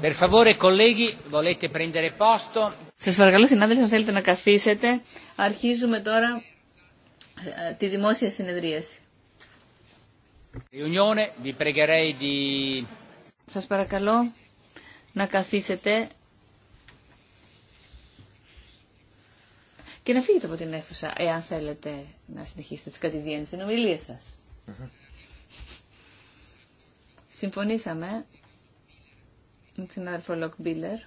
Per Σας παρακαλώ συνάδελφοι αν θέλετε να καθίσετε. Αρχίζουμε τώρα ε, τη δημόσια συνεδρίαση. Σα Σας παρακαλώ να καθίσετε και να φύγετε από την αίθουσα εάν θέλετε να συνεχίσετε τις κατηδίαν συνομιλίες σας. Συμφωνήσαμε συνάδελφο Λοκ Μπίλερ,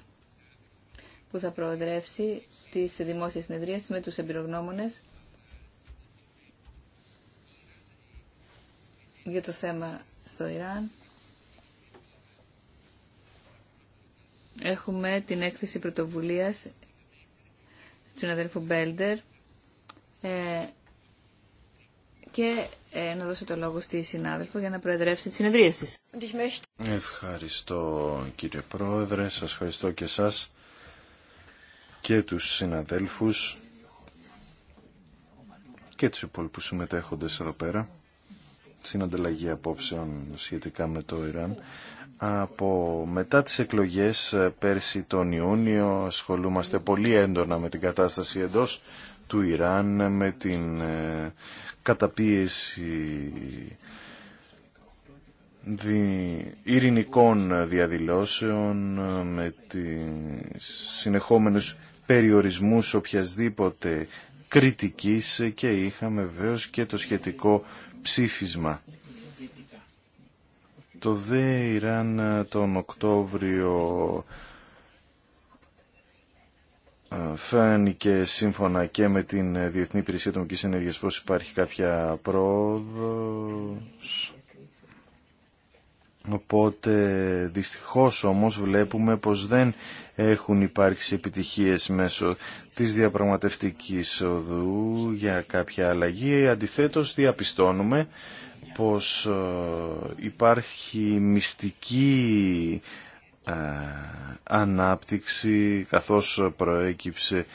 που θα προοδρεύσει τις δημόσιες συνεδρίες με τους εμπειρογνώμονες για το θέμα στο Ιράν. Έχουμε την έκθεση πρωτοβουλίας του συναδέλφου Μπέλντερ ε, και ε, να δώσω το λόγο στη συνάδελφο για να προεδρεύσει τη συνεδρία τη. Ευχαριστώ κύριε Πρόεδρε, σας ευχαριστώ και σας και τους συναδέλφους και τους υπόλοιπους συμμετέχοντες εδώ πέρα στην ανταλλαγή απόψεων σχετικά με το Ιράν από μετά τις εκλογές ε, πέρσι τον Ιούνιο ασχολούμαστε πολύ έντονα με την κατάσταση εντός του Ιράν, με την ε, καταπίεση δι... ειρηνικών διαδηλώσεων, ε, με τις συνεχόμενους περιορισμούς οποιασδήποτε κριτικής και είχαμε βεβαίω και το σχετικό ψήφισμα το ΔΕ ε, τον Οκτώβριο ε, φάνηκε σύμφωνα και με την ε, Διεθνή Υπηρεσία Ατομικής Ενέργειας πως υπάρχει κάποια πρόοδος. Οπότε δυστυχώς όμως βλέπουμε πως δεν έχουν υπάρξει επιτυχίες μέσω της διαπραγματευτικής οδού για κάποια αλλαγή. Αντιθέτως διαπιστώνουμε πως ε, υπάρχει μυστική ε, ανάπτυξη καθώς προέκυψε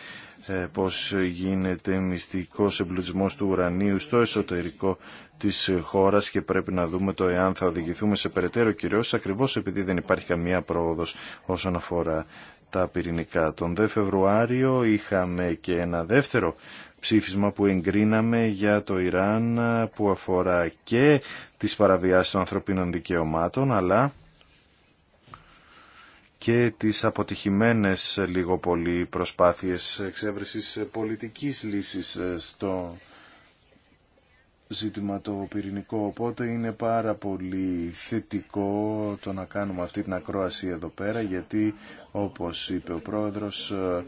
ε, πως γίνεται μυστικός εμπλουτισμός του ουρανίου στο εσωτερικό της χώρας και πρέπει να δούμε το εάν θα οδηγηθούμε σε περαιτέρω κυρίως ακριβώς επειδή δεν υπάρχει καμία πρόοδος όσον αφορά τα πυρηνικά. Τον 2 Φεβρουάριο είχαμε και ένα δεύτερο ψήφισμα που εγκρίναμε για το Ιράν που αφορά και τις παραβιάσεις των ανθρωπίνων δικαιωμάτων αλλά και τις αποτυχημένες λίγο πολύ προσπάθειες εξέβρεσης πολιτικής λύσης στο ζήτημα το πυρηνικό, οπότε είναι πάρα πολύ θετικό το να κάνουμε αυτή την ακρόαση εδώ πέρα, γιατί όπως είπε ο πρόεδρος ε,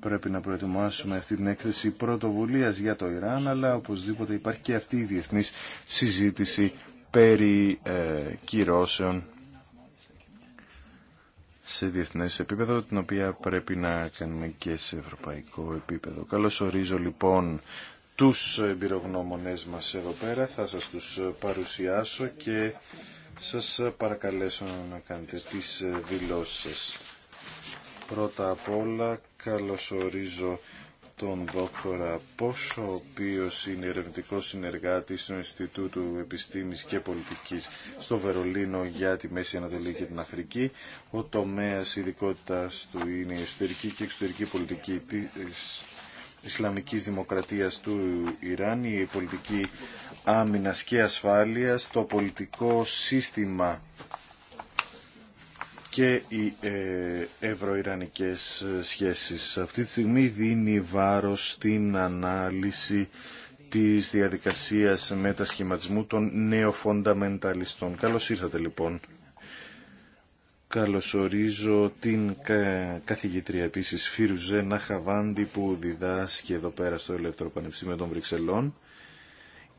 πρέπει να προετοιμάσουμε αυτή την έκθεση πρωτοβουλίας για το Ιράν, αλλά οπωσδήποτε υπάρχει και αυτή η διεθνής συζήτηση περί ε, κυρώσεων σε διεθνές επίπεδο, την οποία πρέπει να κάνουμε και σε ευρωπαϊκό επίπεδο. Καλώς ορίζω λοιπόν τους εμπειρογνώμονές μας εδώ πέρα. Θα σας τους παρουσιάσω και σας παρακαλέσω να κάνετε τις δηλώσεις σας. Πρώτα απ' όλα καλωσορίζω τον δόκτορα Πόσο, ο οποίος είναι ερευνητικό συνεργάτης του Ινστιτούτου Επιστήμης και Πολιτικής στο Βερολίνο για τη Μέση Ανατολή και την Αφρική. Ο τομέας ειδικότητας του είναι η εσωτερική και εξωτερική πολιτική της Ισλαμικής Δημοκρατίας του Ιράν, η πολιτική άμυνας και ασφάλειας, το πολιτικό σύστημα και οι ε, ευρωιρανικές σχέσεις. Αυτή τη στιγμή δίνει βάρος στην ανάλυση της διαδικασίας μετασχηματισμού των νεοφονταμενταλιστών. Καλώς ήρθατε λοιπόν Καλωσορίζω την καθηγήτρια επίσης Φίρουζε Ναχαβάντη που διδάσκει εδώ πέρα στο Ελεύθερο Πανεπιστήμιο των Βρυξελών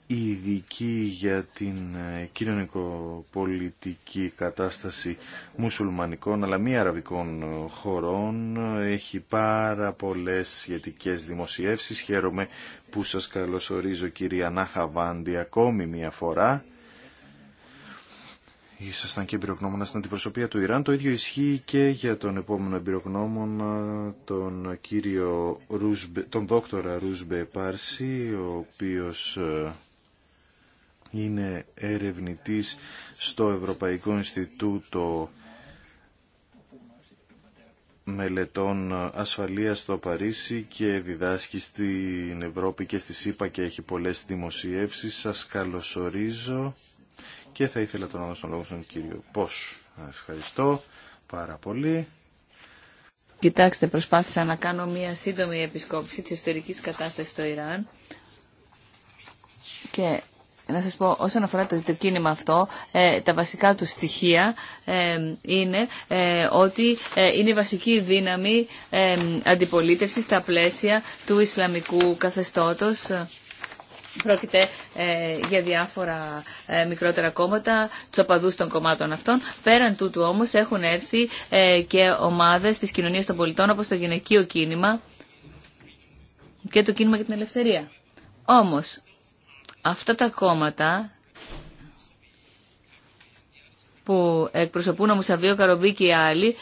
ειδική για την ε, κοινωνικοπολιτική κατάσταση μουσουλμανικών αλλά μη αραβικών ε, χωρών. Έχει πάρα πολλές σχετικές δημοσιεύσεις. Χαίρομαι που σας καλωσορίζω κυρία Ναχαβάντι ακόμη μια φορά ήσασταν και εμπειρογνώμονα στην αντιπροσωπεία του Ιράν. Το ίδιο ισχύει και για τον επόμενο εμπειρογνώμονα, τον κύριο Ρούσμπε, τον δόκτορα Ρούσμπε Πάρση, ο οποίος ε, είναι ερευνητής στο Ευρωπαϊκό Ινστιτούτο μελετών ασφαλείας στο Παρίσι και διδάσκει στην Ευρώπη και στη ΣΥΠΑ και έχει πολλές δημοσιεύσεις. Σας καλωσορίζω και θα ήθελα τον να δώσω λόγο στον κύριο Πώς. Ευχαριστώ πάρα πολύ. Κοιτάξτε, προσπάθησα να κάνω μία σύντομη επισκόπηση της ιστορικής κατάστασης στο Ιράν και να σας πω, όσον αφορά το, κίνημα αυτό, ε, τα βασικά του στοιχεία ε, είναι ε, ότι είναι η βασική δύναμη αντιπολίτευσης στα πλαίσια του Ισλαμικού καθεστώτος Πρόκειται ε, για διάφορα ε, μικρότερα κόμματα, του οπαδού των κομμάτων αυτών. Πέραν τούτου όμω έχουν έρθει ε, και ομάδε τη κοινωνία των πολιτών όπω το γυναικείο κίνημα και το κίνημα για την ελευθερία. Όμω, αυτά τα κόμματα που εκπροσωπούν ο Μουσαβίο Καρομπή και οι άλλοι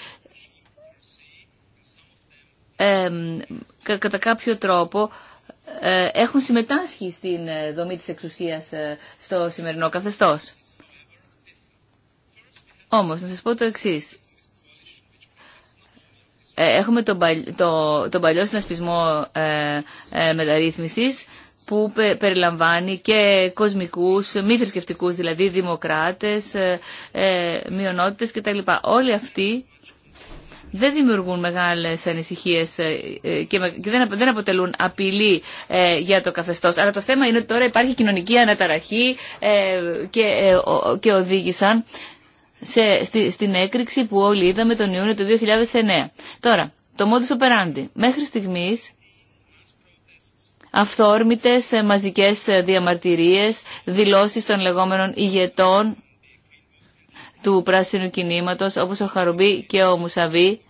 κατά κάποιο τρόπο ε, έχουν συμμετάσχει στην ε, δομή της εξουσίας ε, στο σημερινό καθεστώς. Όμως, να σας πω το εξής. Έχουμε τον, το... τον παλιό συνασπισμό ε... Ε... μεταρρύθμισης που περιλαμβάνει και κοσμικούς, μη θρησκευτικούς, δηλαδή, δημοκράτες, ε... μειονότητες κτλ. Όλοι αυτοί δεν δημιουργούν μεγάλες ανησυχίες ε, ε, και δεν αποτελούν απειλή ε, για το καθεστώς. Αλλά το θέμα είναι ότι τώρα υπάρχει κοινωνική αναταραχή και οδήγησαν σε, στην έκρηξη που όλοι είδαμε τον Ιούνιο του 2009. Τώρα, το modus operandi. Μέχρι στιγμής αυθόρμητες μαζικές διαμαρτυρίες, δηλώσεις των λεγόμενων ηγετών του πράσινου κινήματος όπως ο Χαρουμπή και ο Μουσαβή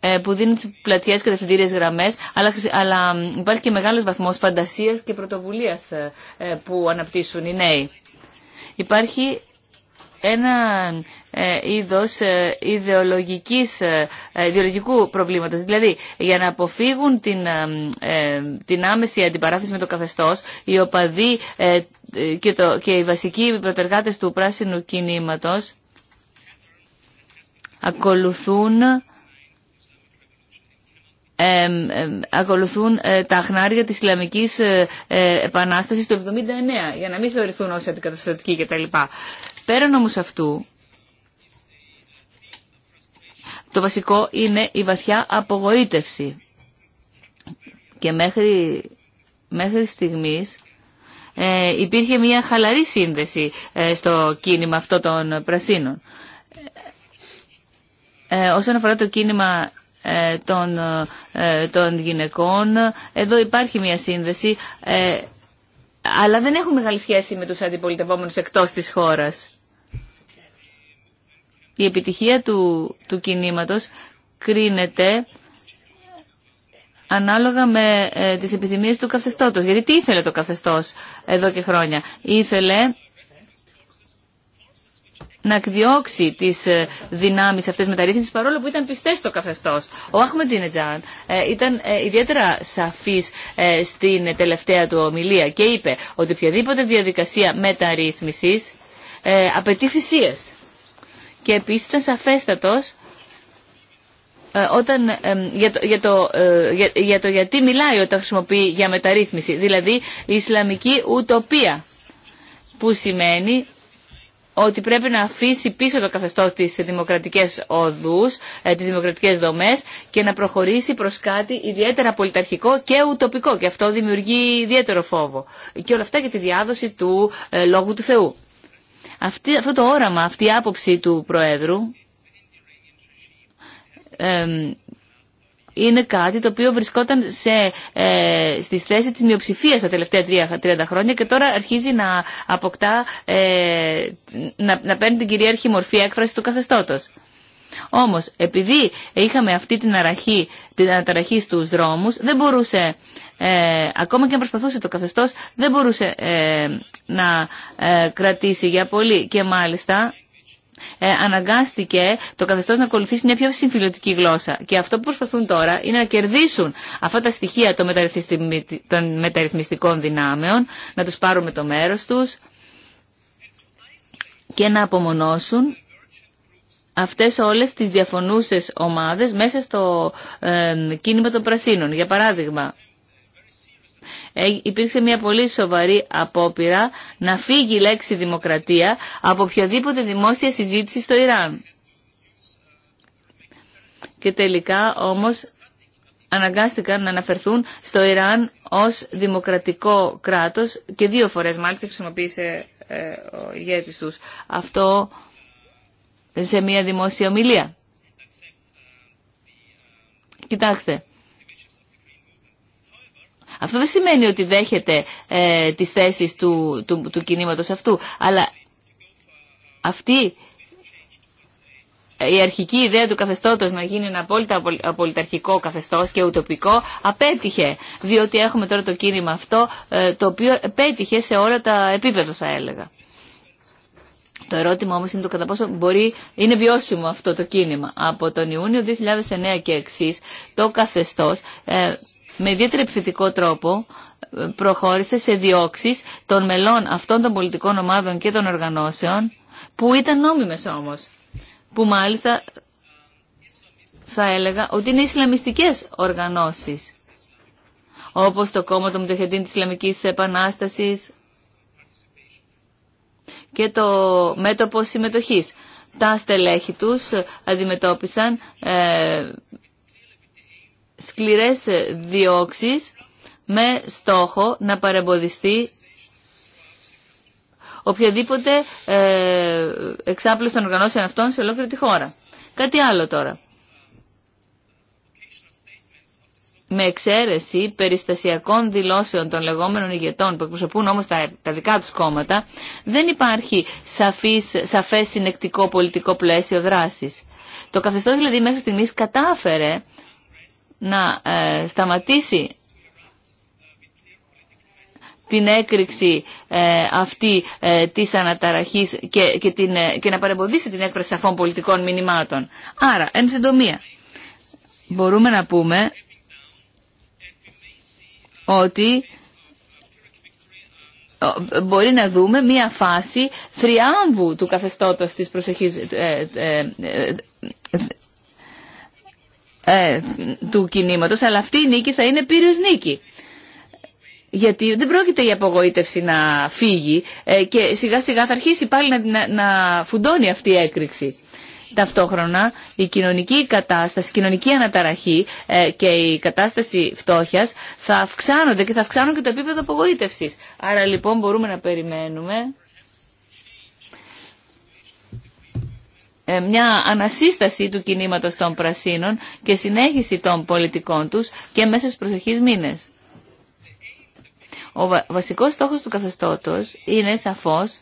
ε, που δίνουν πλατιές και κατευθυντήριε γραμμές, αλλά, αλλά υπάρχει και μεγάλος βαθμός φαντασίας και πρωτοβουλίας ε, ε, που αναπτύσσουν οι νέοι. Υπάρχει ένα ε, είδος ε, ε, ιδεολογικού προβλήματος. Δηλαδή, για να αποφύγουν την, την άμεση αντιπαράθεση με το καθεστώς, οι οπαδοί και, το, και οι βασικοί προτεργάτες του πράσινου κινήματος ακολουθούν ακολουθούν τα αχνάρια της Ισλαμικής Επανάστασης του 79 για να μην θεωρηθούν ως αντικαταστατικοί κτλ. Πέραν όμως αυτού το βασικό είναι η βαθιά απογοήτευση. Και μέχρι, μέχρι στιγμής ε, υπήρχε μια χαλαρή σύνδεση ε, στο κίνημα αυτό των πρασίνων. Ε, όσον αφορά το κίνημα ε, των, ε, των γυναικών, εδώ υπάρχει μια σύνδεση, αλλά δεν έχουν μεγάλη σχέση με τους αντιπολιτευόμενους εκτός της χώρας η επιτυχία του, του κινήματος κρίνεται ανάλογα με ε, τις επιθυμίες του καθεστώτος. Γιατί τι ήθελε το καθεστώς εδώ και χρόνια. Ήθελε να εκδιώξει τις ε, δυνάμεις αυτές μεταρρύθμισης παρόλο που ήταν πιστές στο καθεστώς. Ο Αχμεντίνετζαν ε, ήταν ε, ιδιαίτερα σαφής ε, στην τελευταία του ομιλία και είπε ότι οποιαδήποτε διαδικασία μεταρρύθμισης ε, απαιτεί θυσίες και επίσης ήταν ε, όταν, ε, για, το, γιατί μιλάει όταν χρησιμοποιεί για μεταρρύθμιση, δηλαδή η Ισλαμική ουτοπία, που σημαίνει ότι πρέπει να αφήσει πίσω το καθεστώ τις δημοκρατικές οδούς, ε, τις δημοκρατικές δομές και να προχωρήσει προς κάτι ιδιαίτερα πολιταρχικό και ουτοπικό και αυτό δημιουργεί ιδιαίτερο φόβο. Και όλα αυτά για τη διάδοση του ε, λόγου του Θεού. Αυτή, αυτό το όραμα, αυτή η άποψη του Προέδρου είναι κάτι το οποίο βρισκόταν σε, ε, στη θέση της μειοψηφία τα τελευταία 30 χρόνια και τώρα αρχίζει να αποκτά, ε, να, να παίρνει την κυρίαρχη μορφή έκφραση του καθεστώτος. Όμως, επειδή είχαμε αυτή την, αραχή, την αναταραχή στους δρόμους, δεν μπορούσε, ε, ακόμα και αν προσπαθούσε το καθεστώς, δεν μπορούσε ε, να ε, κρατήσει για πολύ. Και μάλιστα αναγκάστηκε το καθεστώς να ακολουθήσει μια πιο συμφιλωτική γλώσσα. Και αυτό που προσπαθούν τώρα είναι να κερδίσουν αυτά τα στοιχεία των, των μεταρρυθμιστικών δυνάμεων, να τους πάρουν το μέρος τους και να απομονώσουν αυτές όλες τις διαφωνούσες ομάδες μέσα στο κίνημα των Πρασίνων. Για παράδειγμα, ε, υπήρξε μια πολύ σοβαρή απόπειρα να φύγει η λέξη δημοκρατία από οποιαδήποτε δημόσια συζήτηση στο Ιράν. Και τελικά όμως αναγκάστηκαν να αναφερθούν στο Ιράν ως δημοκρατικό κράτος και δύο φορές μάλιστα χρησιμοποίησε ε, ο ηγέτης τους. Αυτό σε μια δημόσια ομιλία. Κοιτάξτε. Αυτό δεν σημαίνει ότι δέχεται ε, τις θέσεις του, του, του κινήματος αυτού, αλλά αυτή ε, η αρχική ιδέα του καθεστώτος να γίνει ένα απόλυτα απολυταρχικό καθεστώς και ουτοπικό απέτυχε, διότι έχουμε τώρα το κίνημα αυτό ε, το οποίο πέτυχε σε όλα τα επίπεδα θα έλεγα. Το ερώτημα όμως είναι το κατά πόσο μπορεί, είναι βιώσιμο αυτό το κίνημα. Από τον Ιούνιο 2009 και εξή το καθεστώς ε, με ιδιαίτερη επιθετικό τρόπο ε, προχώρησε σε διώξεις των μελών αυτών των πολιτικών ομάδων και των οργανώσεων που ήταν νόμιμες όμως. Που μάλιστα θα έλεγα ότι είναι Ισλαμιστικές οργανώσεις όπως το κόμμα των Μητοχετήν της Ισλαμικής Επανάστασης και το μέτωπο συμμετοχής. Τα στελέχη τους αντιμετώπισαν ε, σκληρές διώξεις με στόχο να παρεμποδιστεί οποιαδήποτε ε, εξάπλωση των οργανώσεων αυτών σε ολόκληρη τη χώρα. Κάτι άλλο τώρα. με εξαίρεση περιστασιακών δηλώσεων των λεγόμενων ηγετών που εκπροσωπούν όμως τα, τα δικά τους κόμματα, δεν υπάρχει σαφής, σαφές συνεκτικό πολιτικό πλαίσιο δράσης. Το καθεστώς δηλαδή μέχρι στιγμής κατάφερε να ε, σταματήσει την έκρηξη ε, αυτή ε, της αναταραχής και, και, την, ε, και να παρεμποδίσει την έκφραση σαφών πολιτικών μηνυμάτων. Άρα, εν συντομία, μπορούμε να πούμε ότι μπορεί να δούμε μία φάση θριάμβου του καθεστώτος της προσεχής ε, ε, ε, του κινήματος, αλλά αυτή η νίκη θα είναι πύριος νίκη. Γιατί δεν πρόκειται η απογοήτευση να φύγει και σιγά σιγά θα αρχίσει πάλι να, να φουντώνει αυτή η έκρηξη. Ταυτόχρονα η κοινωνική κατάσταση, η κοινωνική αναταραχή ε, και η κατάσταση φτώχειας θα αυξάνονται και θα αυξάνουν και το επίπεδο απογοήτευσης. Άρα λοιπόν μπορούμε να περιμένουμε ε, μια ανασύσταση του κινήματος των πρασίνων και συνέχιση των πολιτικών τους και μέσα στους προσεχείς μήνες. Ο βασικός στόχος του καθεστώτος είναι σαφώς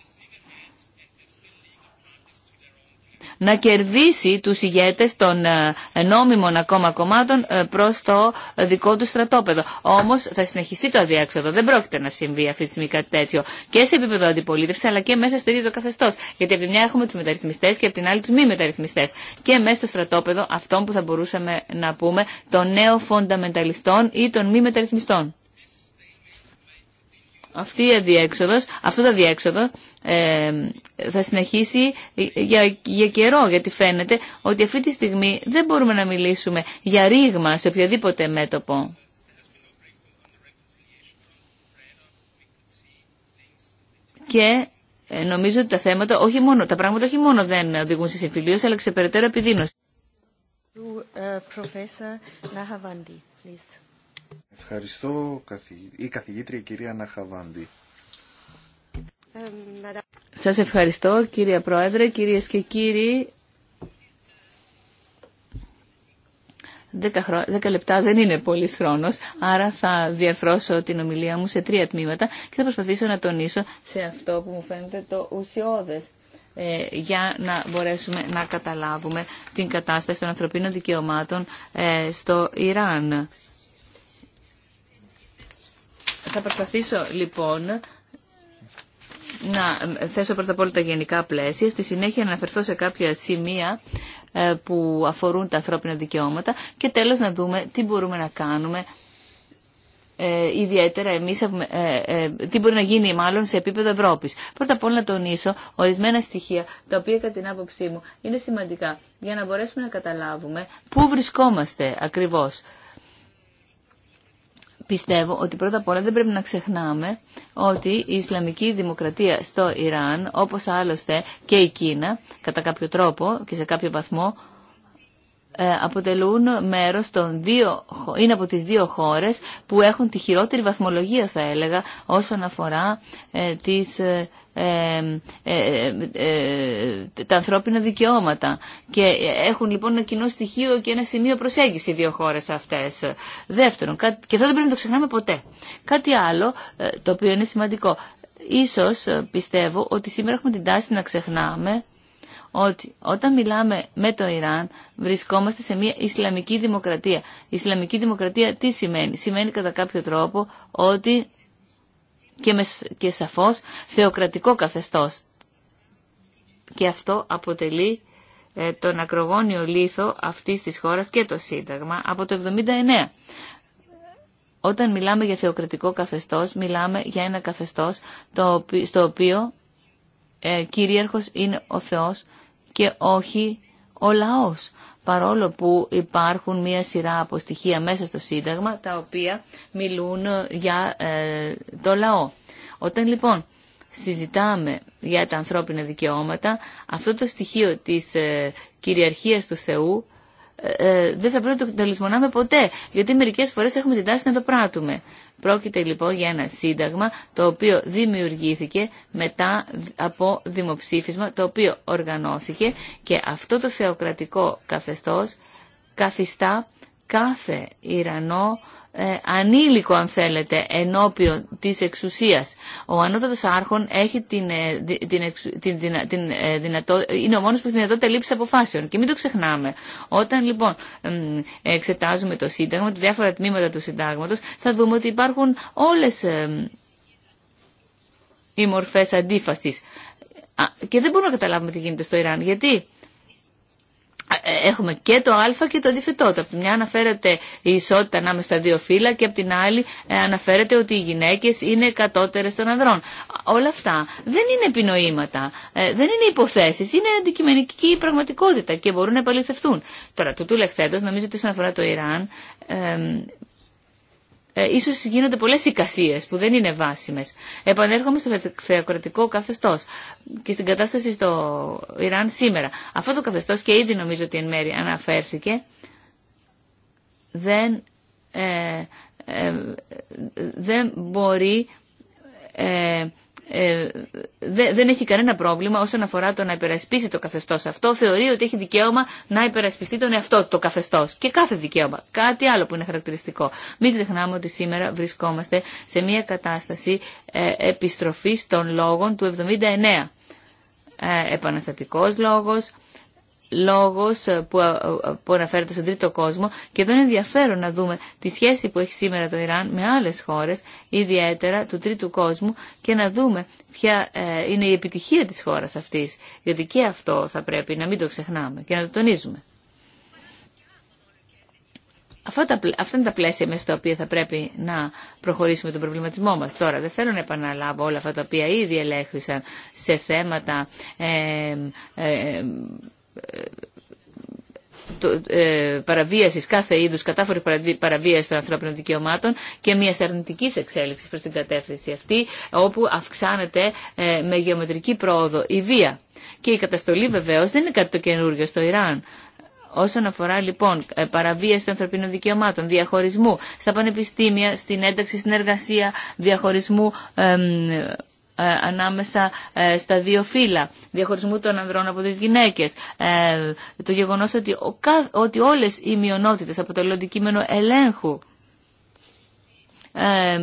να κερδίσει τους ηγέτες των ε, νόμιμων ακόμα κομμάτων ε, προς το δικό του στρατόπεδο. Όμως θα συνεχιστεί το αδιέξοδο. Δεν πρόκειται να συμβεί αυτή τη στιγμή κάτι τέτοιο και σε επίπεδο αντιπολίτευση αλλά και μέσα στο ίδιο το καθεστώ. Γιατί από τη μια έχουμε του μεταρρυθμιστέ και από την άλλη του μη μεταρρυθμιστέ. Και μέσα στο στρατόπεδο αυτών που θα μπορούσαμε να πούμε των νέων φονταμενταλιστών ή των μη μεταρρυθμιστών αυτή η αυτό το διέξοδο ε, θα συνεχίσει για, καιρό, γιατί φαίνεται ότι αυτή τη στιγμή δεν μπορούμε να μιλήσουμε για ρήγμα σε οποιοδήποτε μέτωπο. Και ε, νομίζω ότι τα θέματα, όχι μόνο, τα πράγματα όχι μόνο δεν οδηγούν σε συμφιλίωση, αλλά και σε περαιτέρω επιδείνωση. Ε, Ευχαριστώ η καθηγήτρια κυρία Ναχαβάντη. Σας ευχαριστώ κύρια Πρόεδρε, κυρίες και κύριοι. Δέκα λεπτά δεν είναι πολύ χρόνο, άρα θα διαρθρώσω την ομιλία μου σε τρία τμήματα και θα προσπαθήσω να τονίσω σε αυτό που μου φαίνεται το ουσιώδες ε, για να μπορέσουμε να καταλάβουμε την κατάσταση των ανθρωπίνων δικαιωμάτων ε, στο Ιράν. Θα προσπαθήσω λοιπόν να θέσω πρώτα απ' όλα τα γενικά πλαίσια, στη συνέχεια να αναφερθώ σε κάποια σημεία ε, που αφορούν τα ανθρώπινα δικαιώματα και τέλος να δούμε τι μπορούμε να κάνουμε ε, ιδιαίτερα εμείς, ε, ε, τι μπορεί να γίνει μάλλον σε επίπεδο Ευρώπης. Πρώτα απ' όλα να τονίσω ορισμένα στοιχεία τα οποία κατά την άποψή μου είναι σημαντικά για να μπορέσουμε να καταλάβουμε πού βρισκόμαστε ακριβώς πιστεύω ότι πρώτα απ' όλα δεν πρέπει να ξεχνάμε ότι η Ισλαμική Δημοκρατία στο Ιράν, όπως άλλωστε και η Κίνα, κατά κάποιο τρόπο και σε κάποιο βαθμό, ε, αποτελούν μέρος των δύο, είναι από τις δύο χώρες που έχουν τη χειρότερη βαθμολογία θα έλεγα όσον αφορά ε, τις, ε, ε, ε, τα ανθρώπινα δικαιώματα και έχουν λοιπόν ένα κοινό στοιχείο και ένα σημείο προσέγγιση οι δύο χώρες αυτές. Δεύτερον, και αυτό δεν πρέπει να το ξεχνάμε ποτέ. Κάτι άλλο το οποίο είναι σημαντικό. Ίσως πιστεύω ότι σήμερα έχουμε την τάση να ξεχνάμε ότι όταν μιλάμε με το Ιράν βρισκόμαστε σε μια Ισλαμική δημοκρατία. Η Ισλαμική δημοκρατία τι σημαίνει. Σημαίνει κατά κάποιο τρόπο ότι και, με, και σαφώς θεοκρατικό καθεστώς. Και αυτό αποτελεί ε, τον ακρογόνιο λίθο αυτής της χώρας και το Σύνταγμα από το 79. Όταν μιλάμε για θεοκρατικό καθεστώς, μιλάμε για ένα καθεστώς το, στο οποίο ε, κυρίαρχος είναι ο Θεός και όχι ο λαός. Παρόλο που υπάρχουν μία σειρά από στοιχεία μέσα στο Σύνταγμα τα οποία μιλούν για ε, το λαό. Όταν λοιπόν συζητάμε για τα ανθρώπινα δικαιώματα, αυτό το στοιχείο της ε, κυριαρχίας του Θεού ε, ε, δεν θα πρέπει να το λησμονάμε ποτέ, γιατί μερικέ φορές έχουμε την τάση να το πράττουμε. Πρόκειται λοιπόν για ένα σύνταγμα το οποίο δημιουργήθηκε μετά από δημοψήφισμα το οποίο οργανώθηκε και αυτό το θεοκρατικό καθεστώς καθιστά κάθε Ιρανό ε, ανήλικο αν θέλετε ενώπιον της εξουσίας. Ο ανώτατος άρχον έχει την, ε, την, την, ε, είναι ο μόνος που έχει δυνατότητα λήψη αποφάσεων. Και μην το ξεχνάμε. Όταν λοιπόν εξετάζουμε το Σύνταγμα, τα διάφορα τμήματα του Συντάγματος, θα δούμε ότι υπάρχουν όλες οι μορφές αντίφασης. Και δεν μπορούμε να καταλάβουμε τι γίνεται στο Ιράν. Γιατί? έχουμε και το α και το αντιθετό. από τη μια αναφέρεται η ισότητα ανάμεσα στα δύο φύλλα και από την άλλη ε, αναφέρεται ότι οι γυναίκες είναι κατώτερες των ανδρών. Όλα αυτά δεν είναι επινοήματα, ε, δεν είναι υποθέσεις, είναι αντικειμενική πραγματικότητα και μπορούν να επαληθευτούν. Τώρα, το τούλεξέτος, νομίζω ότι όσον αφορά το Ιράν, ε, ίσως γίνονται πολλές εικασίες που δεν είναι βάσιμες. Επανέρχομαι στο θεοκρατικό καθεστώς και στην κατάσταση στο Ιράν σήμερα. Αυτό το καθεστώς και ήδη νομίζω ότι εν μέρη αναφέρθηκε δεν, ε, ε, δεν μπορεί ε, ε, δεν έχει κανένα πρόβλημα όσον αφορά το να υπερασπίσει το καθεστώ αυτό. Θεωρεί ότι έχει δικαίωμα να υπερασπιστεί τον εαυτό το καθεστώ και κάθε δικαίωμα. Κάτι άλλο που είναι χαρακτηριστικό. Μην ξεχνάμε ότι σήμερα βρισκόμαστε σε μια κατάσταση ε, επιστροφής των λόγων του 79. Ε, επαναστατικός λόγος, λόγος ε, ε, ε, που αναφέρεται στον τρίτο κόσμο και εδώ είναι ενδιαφέρον να δούμε τη σχέση που έχει σήμερα το Ιράν με άλλες χώρες, ιδιαίτερα του τρίτου κόσμου και να δούμε ποια είναι η επιτυχία της χώρας αυτής. Γιατί και αυτό θα πρέπει να μην το ξεχνάμε και να το τονίζουμε. Αυτά είναι τα πλαίσια μέσα στα οποία θα πρέπει να προχωρήσουμε τον προβληματισμό μας. Τώρα δεν θέλω να επαναλάβω όλα αυτά τα οποία ήδη ελέγχθησαν σε θέματα ε, παραβίασης κάθε είδους κατάφορη παραβίαση των ανθρώπινων δικαιωμάτων και μια αρνητική εξέλιξη προς την κατεύθυνση αυτή όπου αυξάνεται ε, με γεωμετρική πρόοδο η βία. Και η καταστολή βεβαίως δεν είναι κάτι το καινούργιο στο Ιράν. Όσον αφορά λοιπόν ε, παραβίαση των ανθρωπίνων δικαιωμάτων, διαχωρισμού στα πανεπιστήμια, στην ένταξη στην εργασία, διαχωρισμού ε, ανάμεσα ε, στα δύο φύλλα, διαχωρισμού των ανδρών από τις γυναίκες, ε, το γεγονός ότι, ο, ότι όλες οι μειονότητες αποτελούν αντικείμενο ελέγχου,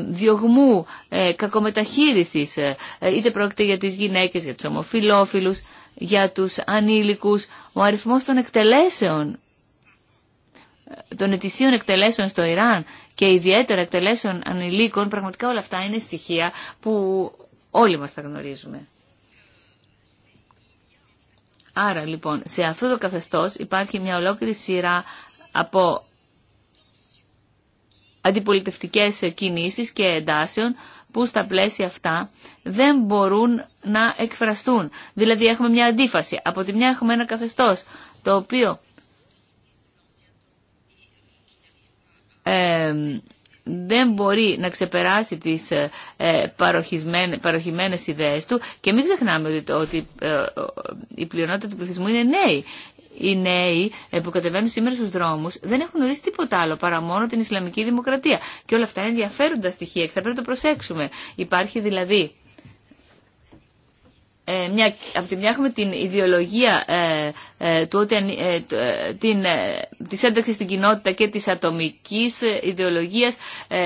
διωγμού, κακομεταχείρισης, είτε πρόκειται για τις γυναίκες, για τους ομοφιλόφιλους, για τους ανήλικους, ο αριθμός των εκτελέσεων των ετησίων εκτελέσεων στο Ιράν και ιδιαίτερα εκτελέσεων ανηλίκων, πραγματικά όλα αυτά είναι στοιχεία που Όλοι μας τα γνωρίζουμε. Άρα λοιπόν, σε αυτό το καθεστώς υπάρχει μια ολόκληρη σειρά από αντιπολιτευτικές κινήσεις και εντάσεων που στα πλαίσια αυτά δεν μπορούν να εκφραστούν. Δηλαδή έχουμε μια αντίφαση. Από τη μια έχουμε ένα καθεστώς το οποίο ε, δεν μπορεί να ξεπεράσει τις ε, ε, παροχημένες ιδέες του και μην ξεχνάμε ότι ε, η πλειονότητα του πληθυσμού είναι νέοι. Οι νέοι που κατεβαίνουν σήμερα στους δρόμους δεν έχουν γνωρίσει τίποτα άλλο παρά μόνο την Ισλαμική Δημοκρατία. Και όλα αυτά είναι ενδιαφέροντα στοιχεία και θα πρέπει να το προσέξουμε. Υπάρχει δηλαδή ε, μια, από τη μια έχουμε την ιδεολογία ε, ε, του ότι, ε, ε, την, της ένταξης στην κοινότητα και της ατομικής ιδεολογίας,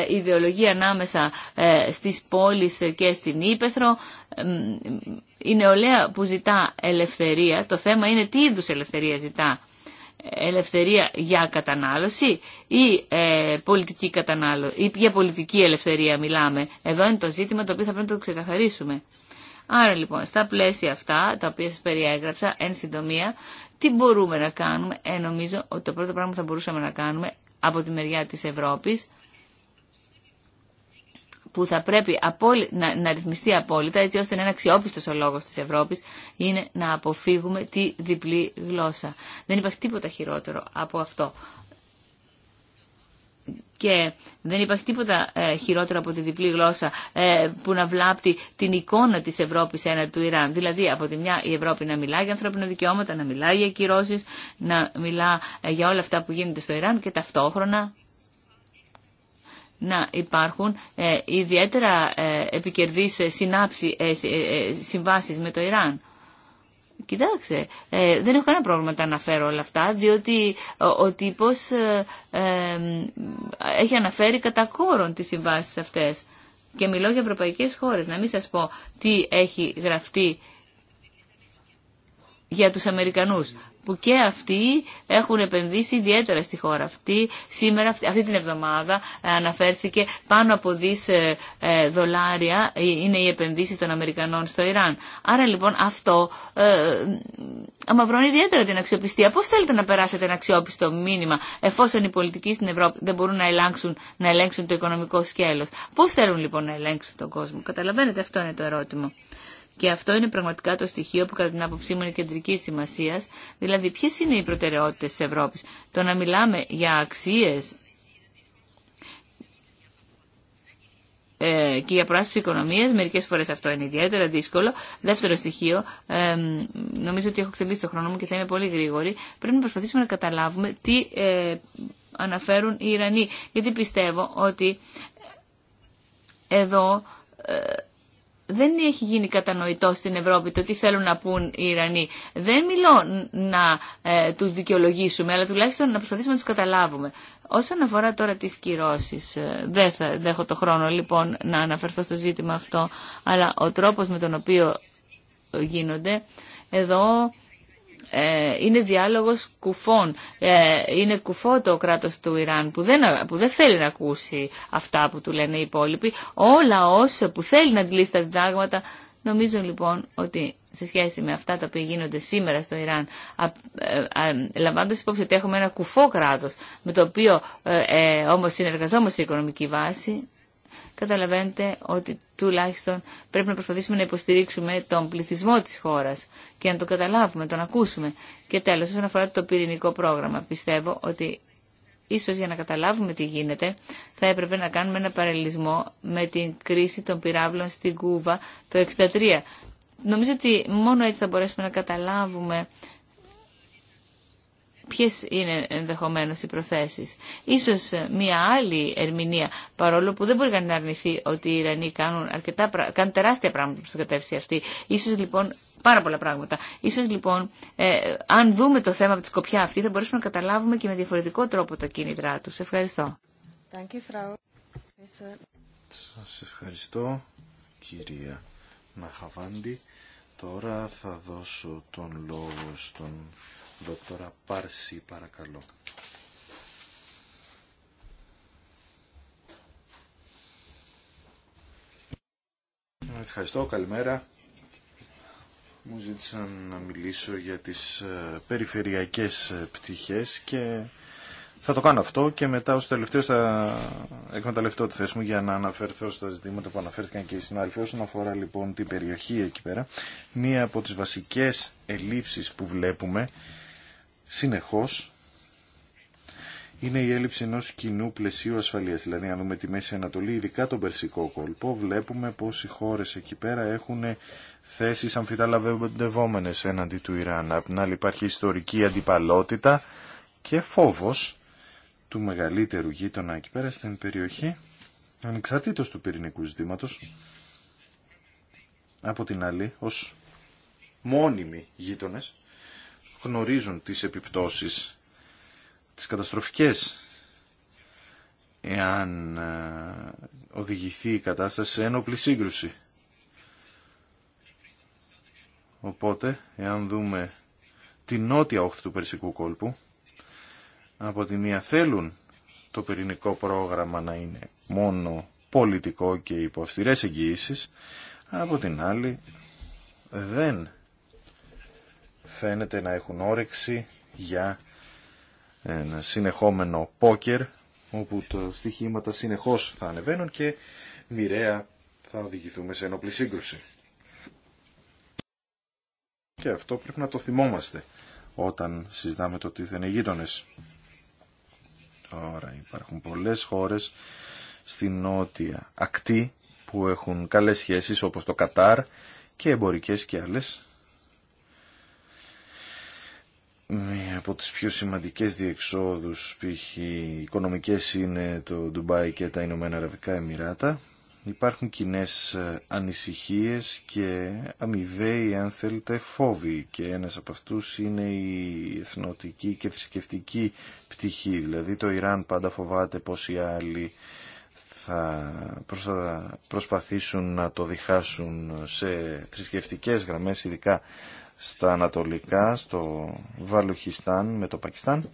ιδεολογία ανάμεσα στις πόλεις και στην Ήπεθρο, η νεολαία που ζητά ελευθερία, το θέμα είναι τι είδους ελευθερία ζητά. Ελευθερία για κατανάλωση ή πολιτική κατανάλωση, ή για πολιτική ελευθερία μιλάμε. Εδώ είναι το ζήτημα το οποίο θα πρέπει να το ξεκαθαρίσουμε. Άρα λοιπόν, στα πλαίσια αυτά, τα οποία σας περιέγραψα, εν συντομία, τι μπορούμε να κάνουμε, ε, νομίζω ότι το πρώτο πράγμα που θα μπορούσαμε να κάνουμε από τη μεριά της Ευρώπης, που θα πρέπει να, να ρυθμιστεί απόλυτα, έτσι ώστε να είναι αξιόπιστος ο λόγος της Ευρώπης, είναι να αποφύγουμε τη διπλή γλώσσα. Δεν υπάρχει τίποτα χειρότερο από αυτό και δεν υπάρχει τίποτα ε, χειρότερο από τη διπλή γλώσσα ε, που να βλάπτει την εικόνα της Ευρώπης έναντι του Ιράν. Δηλαδή από τη μια η Ευρώπη να μιλά για ανθρώπινα δικαιώματα, να μιλά για κυρώσεις, να μιλά ε, για όλα αυτά που γίνονται στο Ιράν και ταυτόχρονα να υπάρχουν ιδιαίτερα επικερδείς συνάψεις, συμβάσεις με το Ιράν. Κοιτάξτε, ε, δεν έχω κανένα πρόβλημα να τα αναφέρω όλα αυτά, διότι ο, ε, ο τύπος ε, έχει αναφέρει κατά κόρον τις συμβάσεις αυτές. Και μιλώ για ευρωπαϊκές χώρες, να μην σας πω τι έχει γραφτεί για τους Αμερικανούς που και αυτοί έχουν επενδύσει ιδιαίτερα στη χώρα αυτή. Σήμερα, αυτή την εβδομάδα ε, αναφέρθηκε πάνω από δις ε, ε, δολάρια είναι οι επενδύσει των Αμερικανών στο Ιράν. Άρα λοιπόν αυτό ε, αμαυρώνει ιδιαίτερα την αξιοπιστία. Πώς θέλετε να περάσετε ένα αξιόπιστο μήνυμα εφόσον οι πολιτικοί στην Ευρώπη δεν μπορούν να ελέγξουν, να ελέγξουν το οικονομικό σκέλος. Πώς θέλουν λοιπόν να ελέγξουν τον κόσμο. Καταλαβαίνετε αυτό είναι το ερώτημα. Και αυτό είναι πραγματικά το στοιχείο που κατά την άποψή μου είναι κεντρική σημασία. Δηλαδή, ποιε είναι οι προτεραιότητε τη Ευρώπη. Το να μιλάμε για αξίε ε, και για προάσπιση οικονομία. Μερικέ φορέ αυτό είναι ιδιαίτερα δύσκολο. Δεύτερο στοιχείο, ε, νομίζω ότι έχω ξεμπίσει το χρόνο μου και θα είμαι πολύ γρήγορη. Πρέπει να προσπαθήσουμε να καταλάβουμε τι ε, αναφέρουν οι Ιρανοί. Γιατί πιστεύω ότι εδώ δεν έχει γίνει κατανοητό στην Ευρώπη το τι θέλουν να πούν οι Ιρανοί. Δεν μιλώ να ε, τους δικαιολογήσουμε, αλλά τουλάχιστον να προσπαθήσουμε να τους καταλάβουμε. Όσον αφορά τώρα τις κυρώσεις, ε, δεν έχω το χρόνο λοιπόν να αναφερθώ στο ζήτημα αυτό, αλλά ο τρόπος με τον οποίο γίνονται, εδώ ε, είναι διάλογος κουφών. Ε, είναι κουφό το κράτος του Ιράν που δεν, που δεν θέλει να ακούσει αυτά που του λένε οι υπόλοιποι. Όλα όσα που θέλει να αντιλήσει τα διδάγματα. Νομίζω λοιπόν ότι σε σχέση με αυτά τα οποία γίνονται σήμερα στο Ιράν, ε, λαμβάνοντα υπόψη ότι έχουμε ένα κουφό κράτο, με το οποίο ε, όμω συνεργαζόμαστε σε οικονομική βάση, καταλαβαίνετε ότι τουλάχιστον πρέπει να προσπαθήσουμε να υποστηρίξουμε τον πληθυσμό της χώρας και να το καταλάβουμε, τον ακούσουμε. Και τέλος, όσον αφορά το πυρηνικό πρόγραμμα, πιστεύω ότι ίσως για να καταλάβουμε τι γίνεται, θα έπρεπε να κάνουμε ένα παραλληλισμό με την κρίση των πυράβλων στην Κούβα το 1963. Νομίζω ότι μόνο έτσι θα μπορέσουμε να καταλάβουμε ποιες είναι ενδεχομένως οι προθέσεις. Ίσως μια άλλη ερμηνεία, παρόλο που δεν μπορεί να αρνηθεί ότι οι Ιρανοί κάνουν, αρκετά, κάνουν τεράστια πράγματα προς την κατεύθυνση αυτή. Ίσως λοιπόν πάρα πολλά πράγματα. Ίσως λοιπόν, ε, αν δούμε το θέμα από τη σκοπιά αυτή, θα μπορέσουμε να καταλάβουμε και με διαφορετικό τρόπο τα κίνητρά τους. Ευχαριστώ. Σας ευχαριστώ, κυρία Ναχαβάντη. Τώρα θα δώσω τον λόγο στον Δόκτωρα Πάρση, παρακαλώ. Ευχαριστώ, καλημέρα. Μου ζήτησαν να μιλήσω για τις ε, περιφερειακές ε, πτυχές και θα το κάνω αυτό και μετά ως τελευταίο θα εκμεταλλευτώ τη θέση μου για να αναφερθώ στα ζητήματα που αναφέρθηκαν και οι συνάδελφοι όσον αφορά λοιπόν την περιοχή εκεί πέρα. Μία από τις βασικές ελλείψεις που βλέπουμε συνεχώς είναι η έλλειψη ενός κοινού πλαισίου ασφαλείας. Δηλαδή, αν δούμε τη Μέση Ανατολή, ειδικά τον Περσικό κόλπο, βλέπουμε πως οι χώρες εκεί πέρα έχουν θέσεις αμφιταλαβευντευόμενες έναντι του Ιράν. Απ' την άλλη υπάρχει ιστορική αντιπαλότητα και φόβος του μεγαλύτερου γείτονα εκεί πέρα στην περιοχή, ανεξαρτήτως του πυρηνικού ζητήματος, από την άλλη, ως μόνιμοι γείτονες, γνωρίζουν τις επιπτώσεις, τις καταστροφικές, εάν ε, οδηγηθεί η κατάσταση σε ένοπλη σύγκρουση. Οπότε, εάν δούμε την νότια όχθη του Περσικού κόλπου, από τη μία θέλουν το πυρηνικό πρόγραμμα να είναι μόνο πολιτικό και υπό αυστηρές εγγυήσεις, από την άλλη δεν φαίνεται να έχουν όρεξη για ένα συνεχόμενο πόκερ όπου τα στοιχήματα συνεχώς θα ανεβαίνουν και μοιραία θα οδηγηθούμε σε ενόπλη σύγκρουση. Και αυτό πρέπει να το θυμόμαστε όταν συζητάμε το τι θα είναι γείτονε. Τώρα υπάρχουν πολλές χώρες στην νότια ακτή που έχουν καλές σχέσεις όπως το Κατάρ και εμπορικές και άλλες Μία από τις πιο σημαντικές διεξόδους, π.χ. οικονομικές είναι το Ντουμπάι και τα Ηνωμένα Αραβικά Εμμυράτα. Υπάρχουν κοινέ ε, ανησυχίες και αμοιβαίοι, αν θέλετε, φόβοι και ένας από αυτούς είναι η εθνοτική και θρησκευτική πτυχή. Δηλαδή το Ιράν πάντα φοβάται πως οι άλλοι θα προσπαθήσουν να το διχάσουν σε θρησκευτικές γραμμές, ειδικά στα Ανατολικά, στο Βαλουχιστάν με το Πακιστάν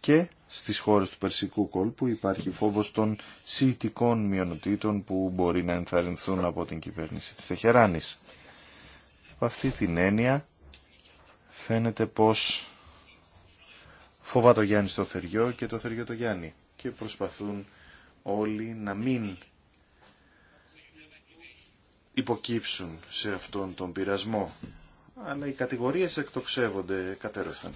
και στις χώρες του Περσικού κόλπου υπάρχει φόβος των σιητικών μειονοτήτων που μπορεί να ενθαρρυνθούν από την κυβέρνηση της Τεχεράνης. Από αυτή την έννοια φαίνεται πως φοβά το Γιάννη στο θεριό και το θεριό το Γιάννη και προσπαθούν όλοι να μην υποκύψουν σε αυτόν τον πειρασμό αλλά οι κατηγορίες εκτοξεύονται κατέρασταν.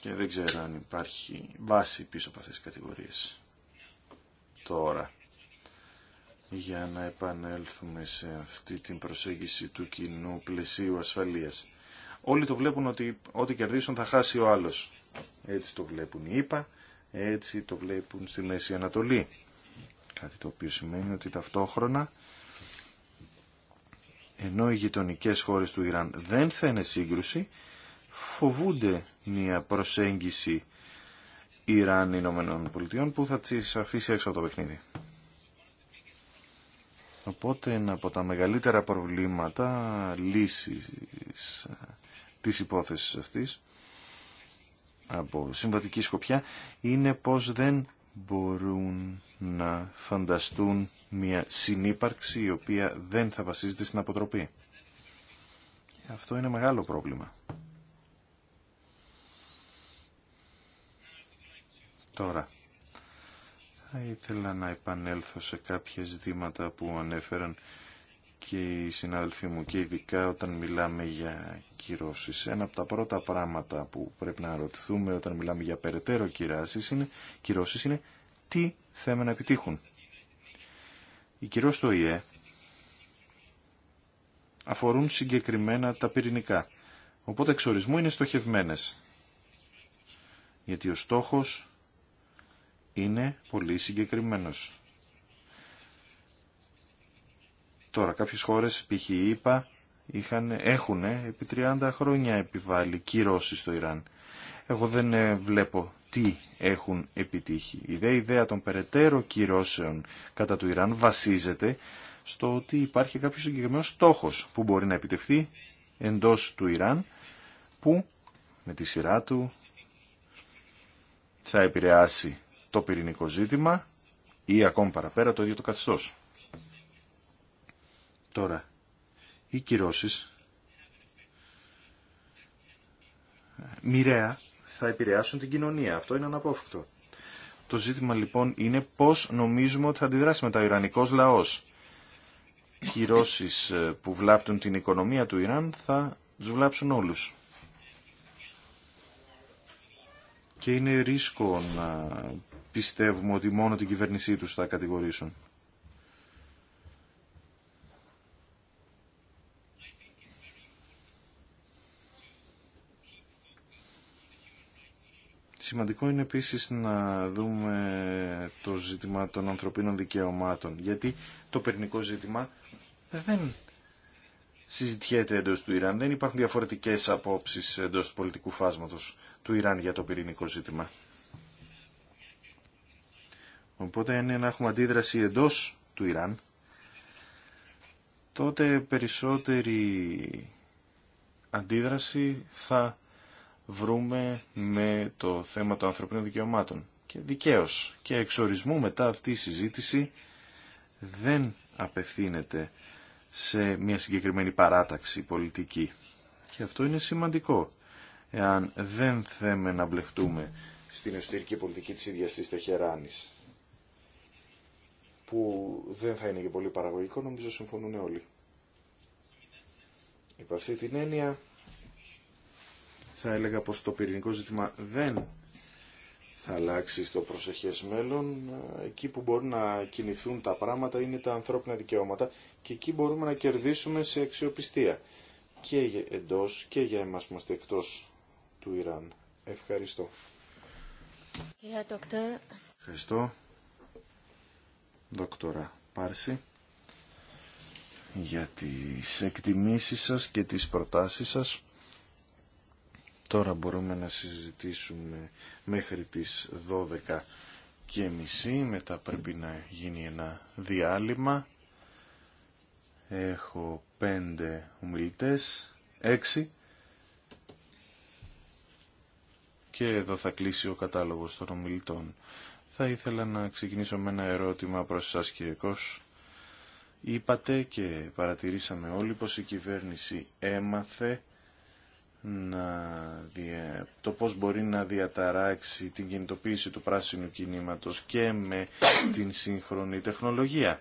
Και δεν ξέρω αν υπάρχει βάση πίσω από αυτές τις κατηγορίες τώρα για να επανέλθουμε σε αυτή την προσέγγιση του κοινού πλαισίου ασφαλείας. Όλοι το βλέπουν ότι ό,τι κερδίσουν θα χάσει ο άλλος. Έτσι το βλέπουν οι ΙΠΑ, έτσι το βλέπουν στη Μέση Ανατολή. Κάτι το οποίο σημαίνει ότι ταυτόχρονα ενώ οι γειτονικέ χώρες του Ιράν δεν θα σύγκρουση, φοβούνται μια προσέγγιση Ιράν Ηνωμένων Πολιτειών που θα τις αφήσει έξω από το παιχνίδι. Οπότε ένα από τα μεγαλύτερα προβλήματα λύσης της υπόθεσης αυτής από συμβατική σκοπιά είναι πως δεν μπορούν να φανταστούν μια συνύπαρξη η οποία δεν θα βασίζεται στην αποτροπή. Και αυτό είναι μεγάλο πρόβλημα. Τώρα, θα ήθελα να επανέλθω σε κάποια ζητήματα που ανέφεραν και οι συνάδελφοί μου και ειδικά όταν μιλάμε για κυρώσεις. Ένα από τα πρώτα πράγματα που πρέπει να ρωτηθούμε όταν μιλάμε για περαιτέρω κυρώσεις είναι, κυρώσεις είναι τι θέμα να επιτύχουν οι κυρώσεις στο ΙΕ αφορούν συγκεκριμένα τα πυρηνικά. Οπότε ορισμού είναι στοχευμένες. Γιατί ο στόχος είναι πολύ συγκεκριμένος. Τώρα, κάποιες χώρες, π.χ. είπα, είχαν, έχουν ε, επί 30 χρόνια επιβάλει κυρώσεις στο Ιράν. Εγώ δεν ε, βλέπω τι έχουν επιτύχει. Η δε ιδέα των περαιτέρω κυρώσεων κατά του Ιράν βασίζεται στο ότι υπάρχει κάποιος συγκεκριμένο στόχος που μπορεί να επιτευχθεί εντός του Ιράν που με τη σειρά του θα επηρεάσει το πυρηνικό ζήτημα ή ακόμη παραπέρα το ίδιο το καθεστώς. Τώρα, οι κυρώσεις μοιραία θα επηρεάσουν την κοινωνία. Αυτό είναι αναπόφευκτο. Το ζήτημα λοιπόν είναι πώς νομίζουμε ότι θα αντιδράσει μετά ο Ιρανικός λαός. Οι ε, που βλάπτουν την οικονομία του Ιράν θα τους βλάψουν όλους. Και είναι ρίσκο να πιστεύουμε ότι μόνο την κυβέρνησή τους θα κατηγορήσουν. Σημαντικό είναι επίσης να δούμε το ζήτημα των ανθρωπίνων δικαιωμάτων, γιατί το περνικό ζήτημα δεν συζητιέται εντός του Ιράν. Δεν υπάρχουν διαφορετικές απόψεις εντός του πολιτικού φάσματος του Ιράν για το πυρηνικό ζήτημα. Οπότε αν έχουμε αντίδραση εντός του Ιράν, τότε περισσότερη αντίδραση θα βρούμε με το θέμα των ανθρωπίνων δικαιωμάτων. Και δικαίως και εξορισμού μετά αυτή η συζήτηση δεν απευθύνεται σε μια συγκεκριμένη παράταξη πολιτική. Και αυτό είναι σημαντικό. Εάν δεν θέμε να μπλεχτούμε στην εσωτερική πολιτική της ίδιας της Τεχεράνης, που δεν θα είναι και πολύ παραγωγικό, νομίζω συμφωνούν όλοι. Υπό αυτή την έννοια θα έλεγα πως το πυρηνικό ζήτημα δεν θα αλλάξει στο προσεχές μέλλον. Εκεί που μπορούν να κινηθούν τα πράγματα είναι τα ανθρώπινα δικαιώματα και εκεί μπορούμε να κερδίσουμε σε αξιοπιστία και εντός και για εμάς που είμαστε εκτός του Ιράν. Ευχαριστώ. Ευχαριστώ. Δόκτωρα Πάρση για τις εκτιμήσεις σας και τις προτάσεις σας. Τώρα μπορούμε να συζητήσουμε μέχρι τις 12 και μισή, μετά πρέπει να γίνει ένα διάλειμμα. Έχω πέντε ομιλητές, έξι. Και εδώ θα κλείσει ο κατάλογος των ομιλητών. Θα ήθελα να ξεκινήσω με ένα ερώτημα προς εσάς κύριε Είπατε και παρατηρήσαμε όλοι πως η κυβέρνηση έμαθε να το πώς μπορεί να διαταράξει την κινητοποίηση του πράσινου κινήματος και με την σύγχρονη τεχνολογία.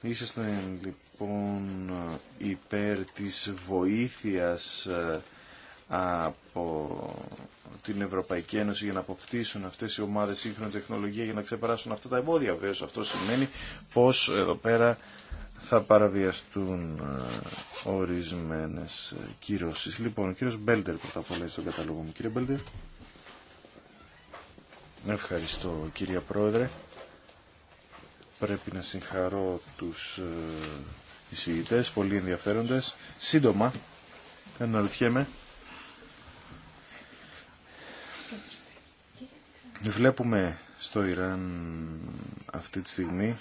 Είσαστε λοιπόν υπέρ της βοήθειας ε, από την Ευρωπαϊκή Ένωση για να αποκτήσουν αυτές οι ομάδε σύγχρονη τεχνολογία για να ξεπεράσουν αυτά τα εμπόδια. Βέβαια, αυτό σημαίνει πως εδώ πέρα θα παραβιαστούν ε, ορισμένες κυρώσει. Λοιπόν, ο κύριο Μπέλτερ πρώτα απ' όλα στον κατάλογο μου. Κύριε Μπέλτερ. Ευχαριστώ κύριε Πρόεδρε. Πρέπει να συγχαρώ τους ε, εισηγητές, πολύ ενδιαφέροντες. Σύντομα, αναρωτιέμαι Βλέπουμε στο Ιράν αυτή τη στιγμή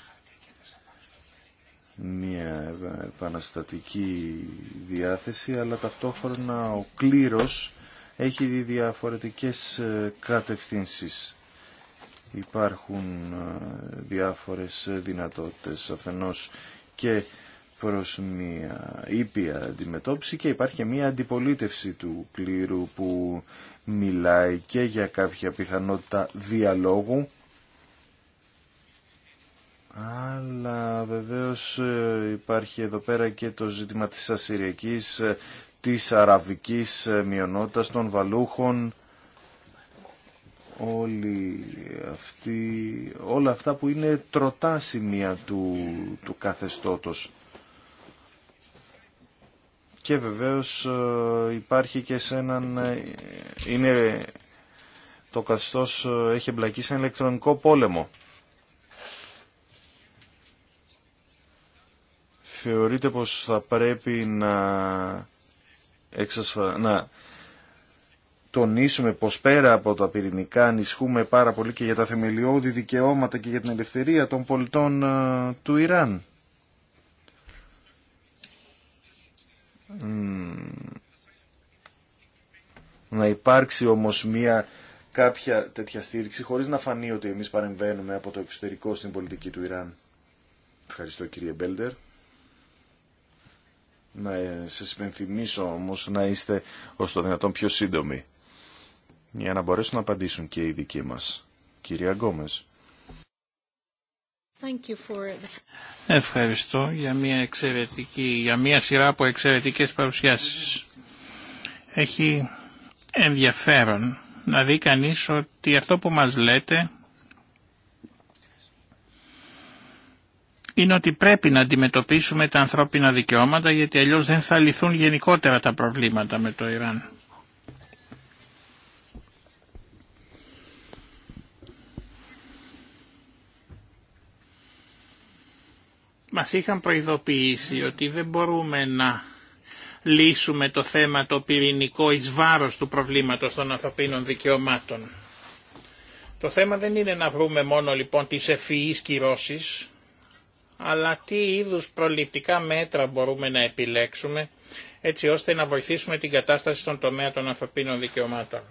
μια επαναστατική διάθεση, αλλά ταυτόχρονα ο κλήρος έχει διαφορετικές ε, κατευθύνσεις. Υπάρχουν ε, διάφορες δυνατότητες αφενός και προς μια ήπια αντιμετώπιση και υπάρχει μια αντιπολίτευση του κλήρου που μιλάει και για κάποια πιθανότητα διαλόγου αλλά βεβαίως ε, υπάρχει εδώ πέρα και το ζήτημα της ασυριακής, ε, της αραβικής ε, μειονότητας, των βαλούχων, όλοι αυτοί, όλα αυτά που είναι τροτά σημεία του, του καθεστώτος και βεβαίως ε, υπάρχει και σε έναν... Ε, είναι, το καθεστώς ε, έχει εμπλακεί σε ένα ηλεκτρονικό πόλεμο. Θεωρείτε πως θα πρέπει να, εξασφα... να τονίσουμε πως πέρα από τα πυρηνικά ανισχούμε πάρα πολύ και για τα θεμελιώδη δικαιώματα και για την ελευθερία των πολιτών του Ιράν. να υπάρξει όμως μια κάποια τέτοια στήριξη χωρίς να φανεί ότι εμείς παρεμβαίνουμε από το εξωτερικό στην πολιτική του Ιράν. Ευχαριστώ κύριε Μπέλτερ. Να ε, σας υπενθυμίσω όμως να είστε ως το δυνατόν πιο σύντομοι για να μπορέσουν να απαντήσουν και οι δικοί μας. Κυρία Γκόμες. Ευχαριστώ για μια, εξαιρετική, για μια σειρά από εξαιρετικές παρουσιάσεις. Έχει ενδιαφέρον να δει κανείς ότι αυτό που μας λέτε είναι ότι πρέπει να αντιμετωπίσουμε τα ανθρώπινα δικαιώματα γιατί αλλιώς δεν θα λυθούν γενικότερα τα προβλήματα με το Ιράν. Μας είχαν προειδοποιήσει ότι δεν μπορούμε να λύσουμε το θέμα το πυρηνικό εις βάρος του προβλήματος των ανθρωπίνων δικαιωμάτων. Το θέμα δεν είναι να βρούμε μόνο λοιπόν τις ευφυείς κυρώσεις, αλλά τι είδους προληπτικά μέτρα μπορούμε να επιλέξουμε έτσι ώστε να βοηθήσουμε την κατάσταση στον τομέα των ανθρωπίνων δικαιωμάτων.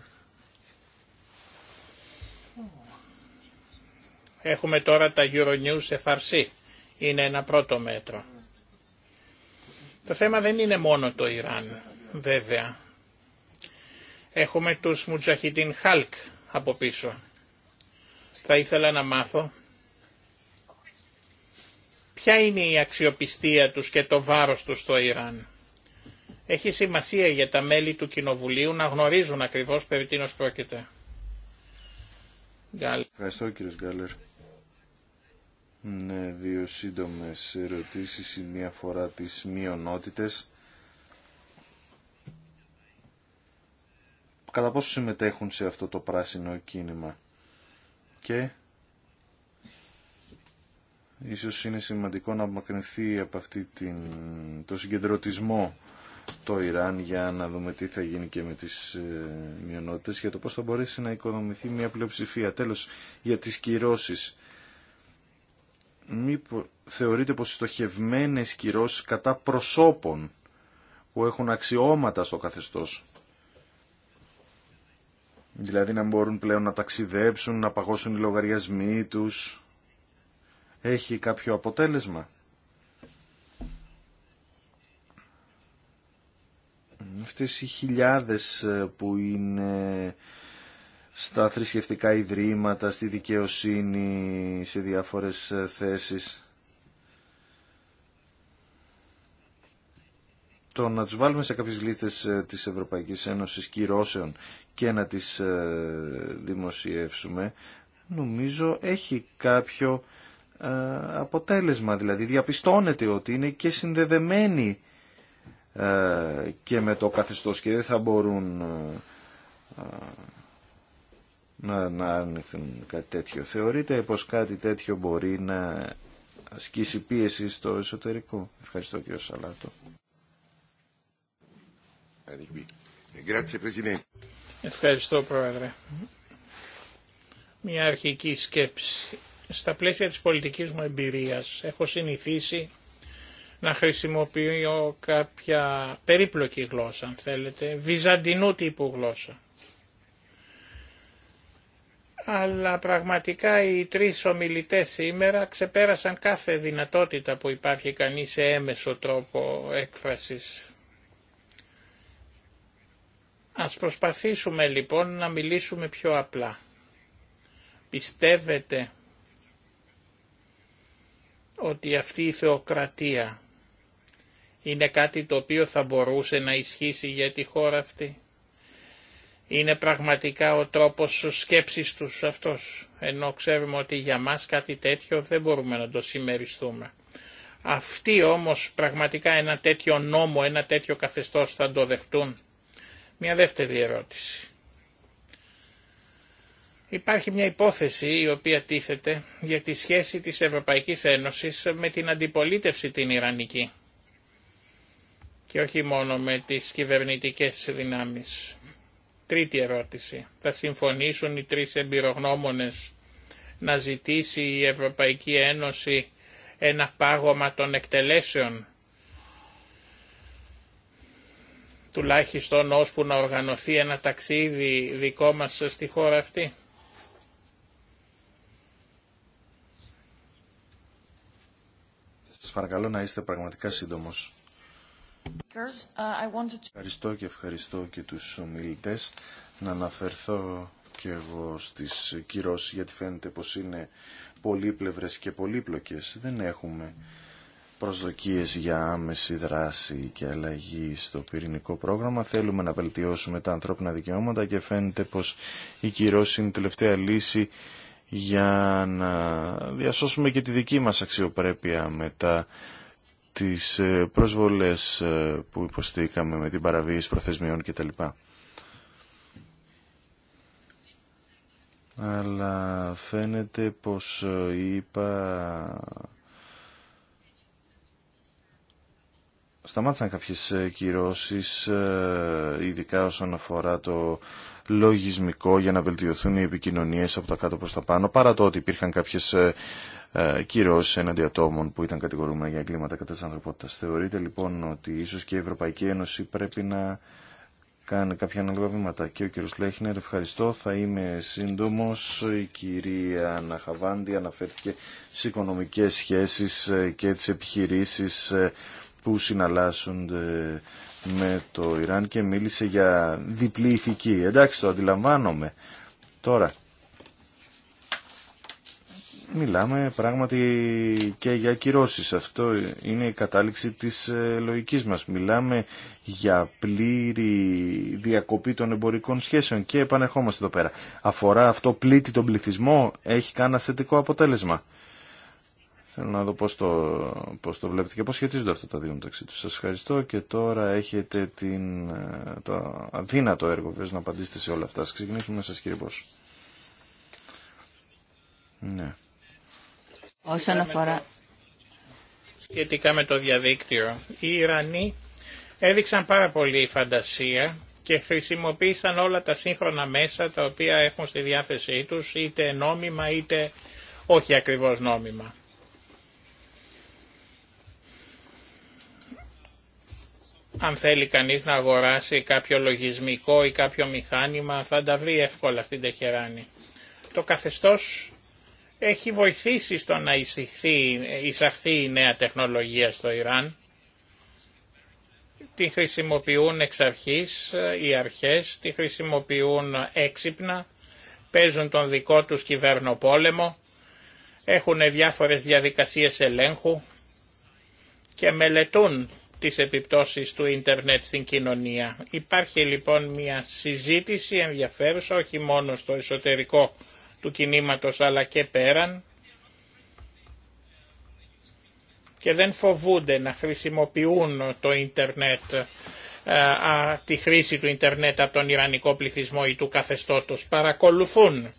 Έχουμε τώρα τα Euronews FRC είναι ένα πρώτο μέτρο. Το θέμα δεν είναι μόνο το Ιράν, βέβαια. Έχουμε τους Μουτζαχιντίν Χάλκ από πίσω. Θα ήθελα να μάθω ποια είναι η αξιοπιστία τους και το βάρος τους στο Ιράν. Έχει σημασία για τα μέλη του Κοινοβουλίου να γνωρίζουν ακριβώς περί τίνος πρόκειται. Ευχαριστώ Γκάλερ. Ναι, δύο σύντομες ερωτήσεις. Η μία φορά τις μειονότητες. Κατά πόσο συμμετέχουν σε αυτό το πράσινο κίνημα. Και ίσως είναι σημαντικό να απομακρυνθεί από αυτή την, το συγκεντρωτισμό το Ιράν για να δούμε τι θα γίνει και με τις ε, μειονότητες για το πώς θα μπορέσει να οικονομηθεί μια πλειοψηφία. Τέλος, για τις κυρώσεις μήπως θεωρείτε πως στοχευμένες κυρώσει κατά προσώπων που έχουν αξιώματα στο καθεστώς. Δηλαδή να μπορούν πλέον να ταξιδέψουν, να παγώσουν οι λογαριασμοί τους. Έχει κάποιο αποτέλεσμα. Αυτές οι χιλιάδες ε, που είναι στα θρησκευτικά ιδρύματα, στη δικαιοσύνη, σε διάφορες ε, θέσεις. Το να τους βάλουμε σε κάποιες λίστες ε, της Ευρωπαϊκής Ένωσης κυρώσεων και να τις ε, δημοσιεύσουμε, νομίζω έχει κάποιο αποτέλεσμα. Δηλαδή διαπιστώνεται ότι είναι και συνδεδεμένοι και με το καθεστώς και δεν θα μπορούν να, να αρνηθούν κάτι τέτοιο. Θεωρείτε πως κάτι τέτοιο μπορεί να ασκήσει πίεση στο εσωτερικό. Ευχαριστώ κύριο Σαλάτο. Ευχαριστώ Πρόεδρε. Μια αρχική σκέψη. Στα πλαίσια της πολιτικής μου εμπειρίας έχω συνηθίσει να χρησιμοποιώ κάποια περίπλοκη γλώσσα, αν θέλετε, βυζαντινού τύπου γλώσσα αλλά πραγματικά οι τρεις ομιλητές σήμερα ξεπέρασαν κάθε δυνατότητα που υπάρχει κανείς σε έμεσο τρόπο έκφρασης. Ας προσπαθήσουμε λοιπόν να μιλήσουμε πιο απλά. Πιστεύετε ότι αυτή η θεοκρατία είναι κάτι το οποίο θα μπορούσε να ισχύσει για τη χώρα αυτή είναι πραγματικά ο τρόπος σκέψης τους αυτός, ενώ ξέρουμε ότι για μας κάτι τέτοιο δεν μπορούμε να το συμμεριστούμε. Αυτοί όμως πραγματικά ένα τέτοιο νόμο, ένα τέτοιο καθεστώς θα το δεχτούν. Μια δεύτερη ερώτηση. Υπάρχει μια υπόθεση η οποία τίθεται για τη σχέση της Ευρωπαϊκής Ένωσης με την αντιπολίτευση την Ιρανική και όχι μόνο με τις κυβερνητικές δυνάμεις. Τρίτη ερώτηση. Θα συμφωνήσουν οι τρεις εμπειρογνώμονες να ζητήσει η Ευρωπαϊκή Ένωση ένα πάγωμα των εκτελέσεων τουλάχιστον ώσπου να οργανωθεί ένα ταξίδι δικό μας στη χώρα αυτή. Σας παρακαλώ να είστε πραγματικά σύντομος. Uh, ευχαριστώ και ευχαριστώ και τους ομιλητές να αναφερθώ και εγώ στις κυρώσεις γιατί φαίνεται πως είναι πολύπλευρες και πολύπλοκες. Δεν έχουμε προσδοκίες για άμεση δράση και αλλαγή στο πυρηνικό πρόγραμμα. Θέλουμε να βελτιώσουμε τα ανθρώπινα δικαιώματα και φαίνεται πως η κυρώση είναι η τελευταία λύση για να διασώσουμε και τη δική μας αξιοπρέπεια μετά τις ε, προσβολές ε, που υποστήκαμε με την παραβίαση προθεσμιών κτλ. Αλλά φαίνεται πως ε, είπα... Σταμάτησαν κάποιες κυρώσεις, ειδικά όσον αφορά το λογισμικό για να βελτιωθούν οι επικοινωνίες από τα κάτω προς τα πάνω, παρά το ότι υπήρχαν κάποιες ε, κυρώσει έναντι ατόμων που ήταν κατηγορούμενα για εγκλήματα κατά τη ανθρωπότητα. Θεωρείτε λοιπόν ότι ίσως και η Ευρωπαϊκή Ένωση πρέπει να κάνει κάποια ανάλογα βήματα. Και ο κύριο Λέχνερ, ευχαριστώ. Θα είμαι σύντομο Η κυρία Ναχαβάντη αναφέρθηκε στι οικονομικές σχέσεις ε, και τι επιχειρήσεις ε, που συναλλάσσονται με το Ιράν και μίλησε για διπλή ηθική. Εντάξει, το αντιλαμβάνομαι. Τώρα, μιλάμε πράγματι και για κυρώσεις. Αυτό είναι η κατάληξη της ε, λογικής μας. Μιλάμε για πλήρη διακοπή των εμπορικών σχέσεων και επανερχόμαστε εδώ πέρα. Αφορά αυτό πλήττει τον πληθυσμό, έχει κανένα θετικό αποτέλεσμα. Θέλω να δω πώς το, πώς το βλέπετε και πώς σχετίζονται αυτά τα δύο μεταξύ τους. Σας ευχαριστώ και τώρα έχετε την, ε, το αδύνατο έργο βέβαια να απαντήσετε σε όλα αυτά. Σας ξεκινήσουμε σας κύριε Ναι. Όσον αφορά... Σχετικά με το διαδίκτυο, οι Ιρανοί έδειξαν πάρα πολύ φαντασία και χρησιμοποίησαν όλα τα σύγχρονα μέσα τα οποία έχουν στη διάθεσή τους, είτε νόμιμα είτε όχι ακριβώς νόμιμα. αν θέλει κανείς να αγοράσει κάποιο λογισμικό ή κάποιο μηχάνημα θα τα βρει εύκολα στην Τεχεράνη. Το καθεστώς έχει βοηθήσει στο να εισαχθεί, εισαχθεί η νέα τεχνολογία στο Ιράν. Τη χρησιμοποιούν εξ αρχής ε, οι αρχές, τη χρησιμοποιούν έξυπνα, παίζουν τον δικό τους κυβερνοπόλεμο, έχουν διάφορες διαδικασίες ελέγχου και μελετούν τις επιπτώσεις του ίντερνετ στην κοινωνία. Υπάρχει λοιπόν μια συζήτηση ενδιαφέρουσα όχι μόνο στο εσωτερικό του κινήματος αλλά και πέραν και δεν φοβούνται να χρησιμοποιούν το ίντερνετ, ε, τη χρήση του ίντερνετ από τον Ιρανικό πληθυσμό ή του καθεστώτος. Παρακολουθούν,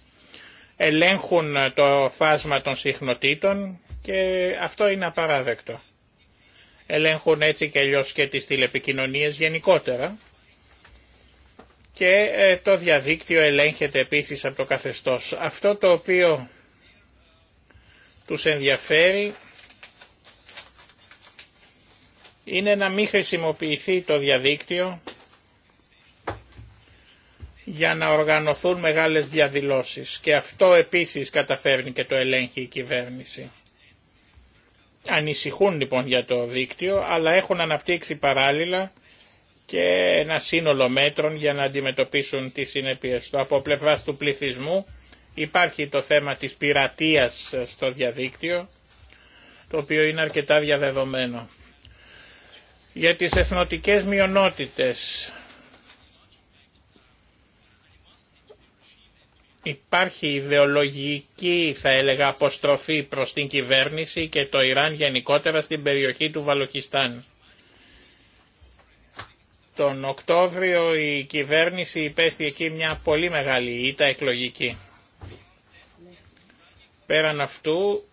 ελέγχουν το φάσμα των συχνοτήτων και αυτό είναι απαράδεκτο. Ελέγχουν έτσι και αλλιώς και τις τηλεπικοινωνίες γενικότερα και ε, το διαδίκτυο ελέγχεται επίσης από το καθεστώς. Αυτό το οποίο τους ενδιαφέρει είναι να μην χρησιμοποιηθεί το διαδίκτυο για να οργανωθούν μεγάλες διαδηλώσεις και αυτό επίσης καταφέρνει και το ελέγχει η κυβέρνηση. Ανησυχούν λοιπόν για το δίκτυο αλλά έχουν αναπτύξει παράλληλα και ένα σύνολο μέτρων για να αντιμετωπίσουν τις συνέπειες του. Από πλευράς του πληθυσμού υπάρχει το θέμα της πειρατείας στο διαδίκτυο, το οποίο είναι αρκετά διαδεδομένο. Για τις εθνοτικές μειονότητες υπάρχει ιδεολογική θα έλεγα αποστροφή προς την κυβέρνηση και το Ιράν γενικότερα στην περιοχή του Βαλοχιστάν. Τον Οκτώβριο η κυβέρνηση υπέστη εκεί μια πολύ μεγάλη ήττα εκλογική. Πέραν αυτού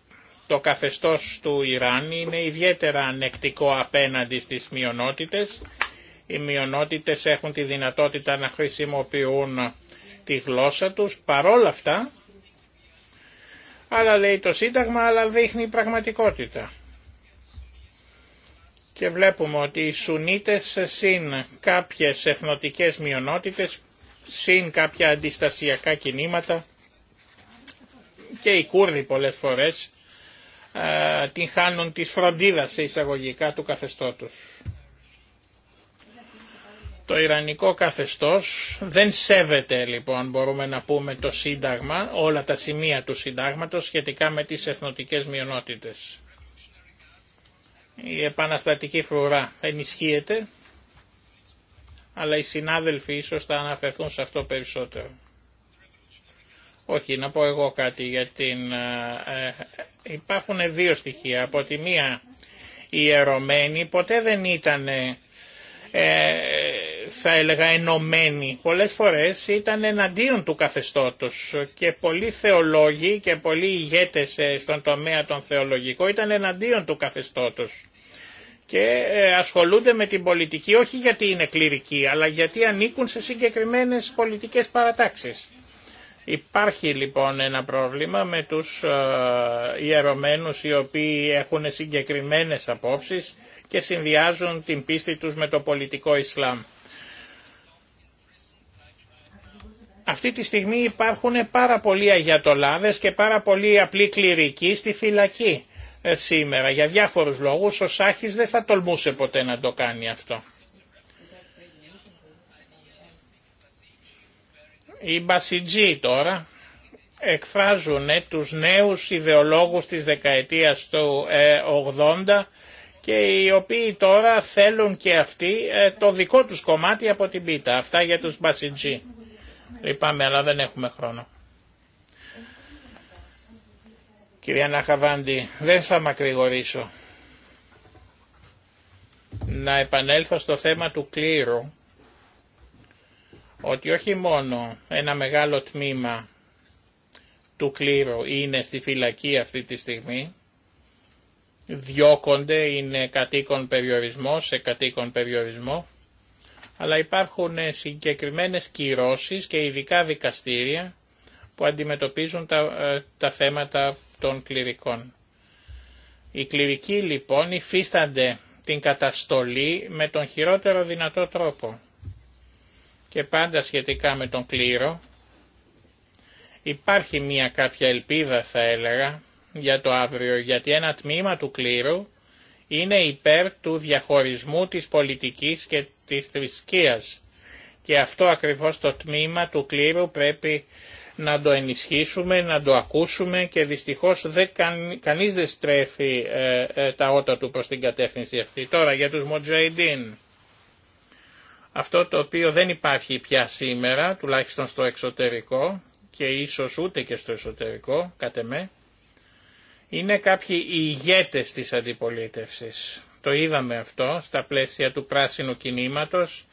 το καθεστώς του Ιράν είναι ιδιαίτερα ανεκτικό απέναντι στις μειονότητες. Οι μειονότητες έχουν τη δυνατότητα να χρησιμοποιούν τη γλώσσα τους παρόλα αυτά, αλλά λέει το Σύνταγμα, αλλά δείχνει η πραγματικότητα και βλέπουμε ότι οι Σουνίτες συν κάποιες εθνοτικές μειονότητες, συν κάποια αντιστασιακά κινήματα και οι Κούρδοι πολλές φορές ε, την χάνουν τη φροντίδα σε εισαγωγικά του καθεστώτος. Το Ιρανικό καθεστώς δεν σέβεται λοιπόν μπορούμε να πούμε το Σύνταγμα, όλα τα σημεία του Συντάγματος σχετικά με τις εθνοτικές μειονότητες η επαναστατική φρουρά ενισχύεται, αλλά οι συνάδελφοι ίσως θα αναφερθούν σε αυτό περισσότερο. Όχι, να πω εγώ κάτι γιατί την... Ε, ε, υπάρχουν δύο στοιχεία. Από τη μία, οι ερωμένοι ποτέ δεν ήταν ε, θα έλεγα ενωμένοι πολλές φορές ήταν εναντίον του καθεστώτος και πολλοί θεολόγοι και πολλοί ηγέτες ε, στον τομέα των θεολογικών ήταν εναντίον του καθεστώτος και ε, ασχολούνται με την πολιτική όχι γιατί είναι κληρικοί αλλά γιατί ανήκουν σε συγκεκριμένες πολιτικές παρατάξεις. Υπάρχει λοιπόν ένα πρόβλημα με τους ε, ιερωμένους οι οποίοι έχουν συγκεκριμένες απόψεις και συνδυάζουν την πίστη τους με το πολιτικό Ισλάμ. αυτή τη στιγμή υπάρχουν πάρα πολλοί αγιατολάδες και πάρα πολλοί απλοί κληρικοί στη φυλακή ε, σήμερα. Για διάφορους λόγους ο Σάχης δεν θα τολμούσε ποτέ να το κάνει αυτό. Οι Μπασιτζοί τώρα εκφράζουν ε, τους νέους ιδεολόγους της δεκαετίας του 80 ε, και οι οποίοι τώρα θέλουν και αυτοί το δικό τους κομμάτι από την πίτα. Αυτά για τους Μπασιτζοί. Λυπάμαι, αλλά δεν έχουμε χρόνο. Κυρία Ναχαβάντη, δεν θα μακρηγορήσω. Να επανέλθω στο θέμα του κλήρου, ότι όχι μόνο ένα μεγάλο τμήμα του κλήρου είναι στη φυλακή αυτή τη στιγμή, διώκονται, είναι κατοίκον περιορισμό, σε κατοίκον περιορισμό, αλλά υπάρχουν ε, συγκεκριμένες κυρώσεις και ειδικά δικαστήρια που αντιμετωπίζουν τα, ε, τα θέματα των κληρικών. Οι κληρικοί λοιπόν υφίστανται την καταστολή με τον χειρότερο δυνατό τρόπο. Και πάντα σχετικά με τον κλήρο υπάρχει μία κάποια ελπίδα θα έλεγα για το αύριο γιατί ένα τμήμα του κλήρου είναι υπέρ του διαχωρισμού της πολιτικής και της θρησκείας. Και αυτό ακριβώς το τμήμα του κλήρου πρέπει να το ενισχύσουμε, να το ακούσουμε και δυστυχώς δεν, κανείς δεν στρέφει ε, ε, τα ότα του προς την κατεύθυνση αυτή. Τώρα για τους Μοτζαϊντίν. Αυτό το οποίο δεν υπάρχει πια σήμερα, τουλάχιστον στο εξωτερικό και ίσως ούτε και στο εσωτερικό, κατά είναι κάποιοι ηγέτες της αντιπολίτευσης. Το είδαμε αυτό στα πλαίσια του πράσινου κινήματος.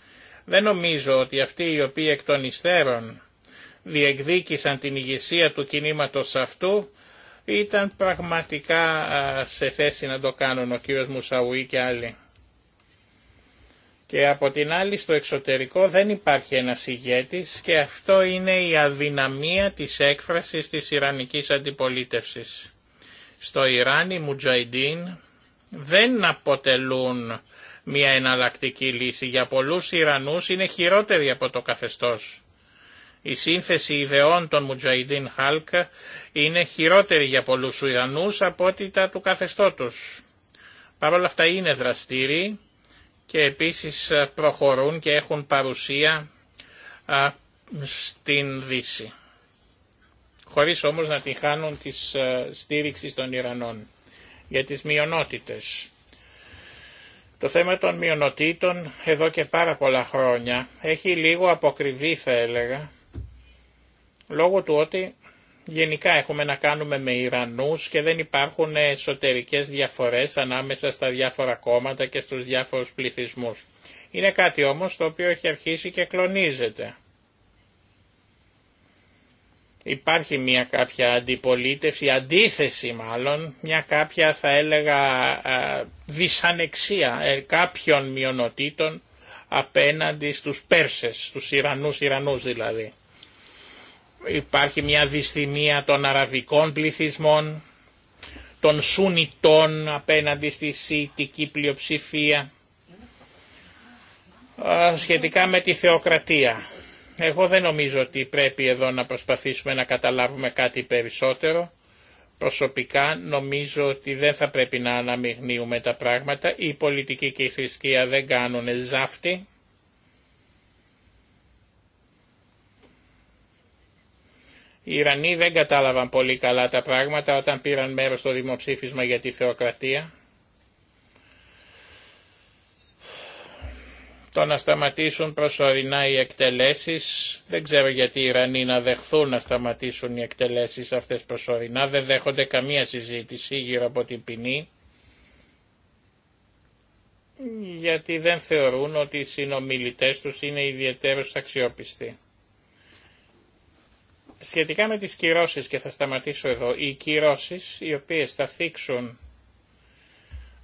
Δεν νομίζω ότι αυτοί οι οποίοι εκ των υστέρων διεκδίκησαν την ηγεσία του κινήματος αυτού ήταν πραγματικά σε θέση να το κάνουν ο κύριος Μουσαουή και άλλοι. Και από την άλλη στο εξωτερικό δεν υπάρχει ένας ηγέτης και αυτό είναι η αδυναμία της έκφρασης της Ιρανικής αντιπολίτευσης. Στο Ιράν οι Μουτζαϊντίν δεν αποτελούν μια εναλλακτική λύση. Για πολλούς Ιρανούς είναι χειρότερη από το καθεστώς. Η σύνθεση ιδεών των Μουτζαϊντίν Χάλκ είναι χειρότερη για πολλούς Ιρανούς από ό,τι τα του καθεστώτος. Παρ' όλα αυτά είναι δραστήριοι και επίσης προχωρούν και έχουν παρουσία στην Δύση χωρίς όμως να την χάνουν της ε, στήριξης των Ιρανών για τις μειονότητες. Το θέμα των μειονοτήτων εδώ και πάρα πολλά χρόνια έχει λίγο αποκριβεί θα έλεγα, λόγω του ότι γενικά έχουμε να κάνουμε με Ιρανούς και δεν υπάρχουν εσωτερικές διαφορές ανάμεσα στα διάφορα κόμματα και στους διάφορους πληθυσμούς. Είναι κάτι όμως το οποίο έχει αρχίσει και κλονίζεται υπάρχει μια κάποια αντιπολίτευση, αντίθεση μάλλον, μια κάποια θα έλεγα δυσανεξία ε, κάποιων μειονοτήτων απέναντι στους Πέρσες, στους Ιρανούς, Ιρανούς δηλαδή. Υπάρχει μια δυσθυμία των αραβικών πληθυσμών, των Σουνιτών απέναντι στη σιτική πλειοψηφία, σχετικά με τη θεοκρατία εγώ δεν νομίζω ότι πρέπει εδώ να προσπαθήσουμε να καταλάβουμε κάτι περισσότερο. Προσωπικά νομίζω ότι δεν θα πρέπει να αναμειγνύουμε τα πράγματα. Η πολιτική και η θρησκεία δεν κάνουν ζάφτη. Οι Ιρανοί δεν κατάλαβαν πολύ καλά τα πράγματα όταν πήραν μέρος στο δημοψήφισμα για τη θεοκρατία. το να σταματήσουν προσωρινά οι εκτελέσεις, δεν ξέρω γιατί οι Ιρανοί να δεχθούν να σταματήσουν οι εκτελέσεις αυτές προσωρινά, δεν δέχονται καμία συζήτηση γύρω από την ποινή, γιατί δεν θεωρούν ότι οι συνομιλητές τους είναι ιδιαίτερως αξιόπιστοι. Σχετικά με τις κυρώσεις, και θα σταματήσω εδώ, οι κυρώσεις οι οποίες θα θίξουν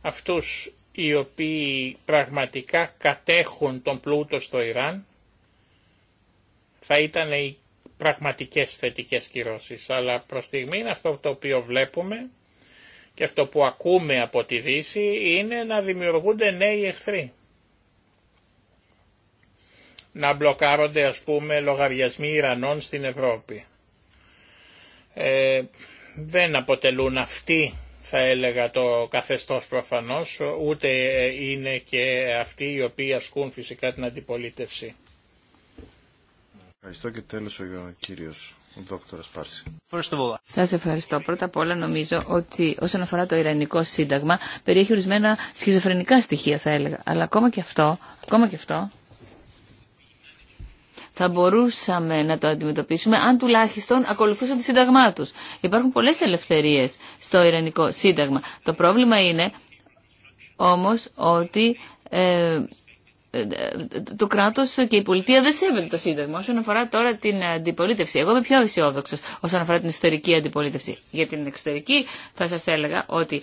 αυτούς οι οποίοι πραγματικά κατέχουν τον πλούτο στο Ιράν θα ήταν οι πραγματικές θετικές κυρώσεις. Αλλά προς στιγμή αυτό το οποίο βλέπουμε και αυτό που ακούμε από τη Δύση είναι να δημιουργούνται νέοι εχθροί. Να μπλοκάρονται ας πούμε λογαριασμοί Ιρανών στην Ευρώπη. Ε, δεν αποτελούν αυτοί θα έλεγα το καθεστώς προφανώς, ούτε είναι και αυτοί οι οποίοι ασκούν φυσικά την αντιπολίτευση. Ευχαριστώ και τέλος κύριος ο δόκτωρας Πάρση. Σας ευχαριστώ. Πρώτα απ' όλα νομίζω ότι όσον αφορά το Ιρανικό Σύνταγμα περιέχει ορισμένα σχιζοφρενικά στοιχεία θα έλεγα. Αλλά ακόμα και αυτό, ακόμα και αυτό θα μπορούσαμε να το αντιμετωπίσουμε αν τουλάχιστον ακολουθούσαν το σύνταγμά τους. Υπάρχουν πολλές ελευθερίες στο Ιρανικό Σύνταγμα. Το πρόβλημα είναι όμως ότι ε, το κράτο και η πολιτεία δεν σέβεται το Σύνταγμα. Όσον αφορά τώρα την αντιπολίτευση, εγώ είμαι πιο αισιόδοξο όσον αφορά την ιστορική αντιπολίτευση. Για την εξωτερική θα σα έλεγα ότι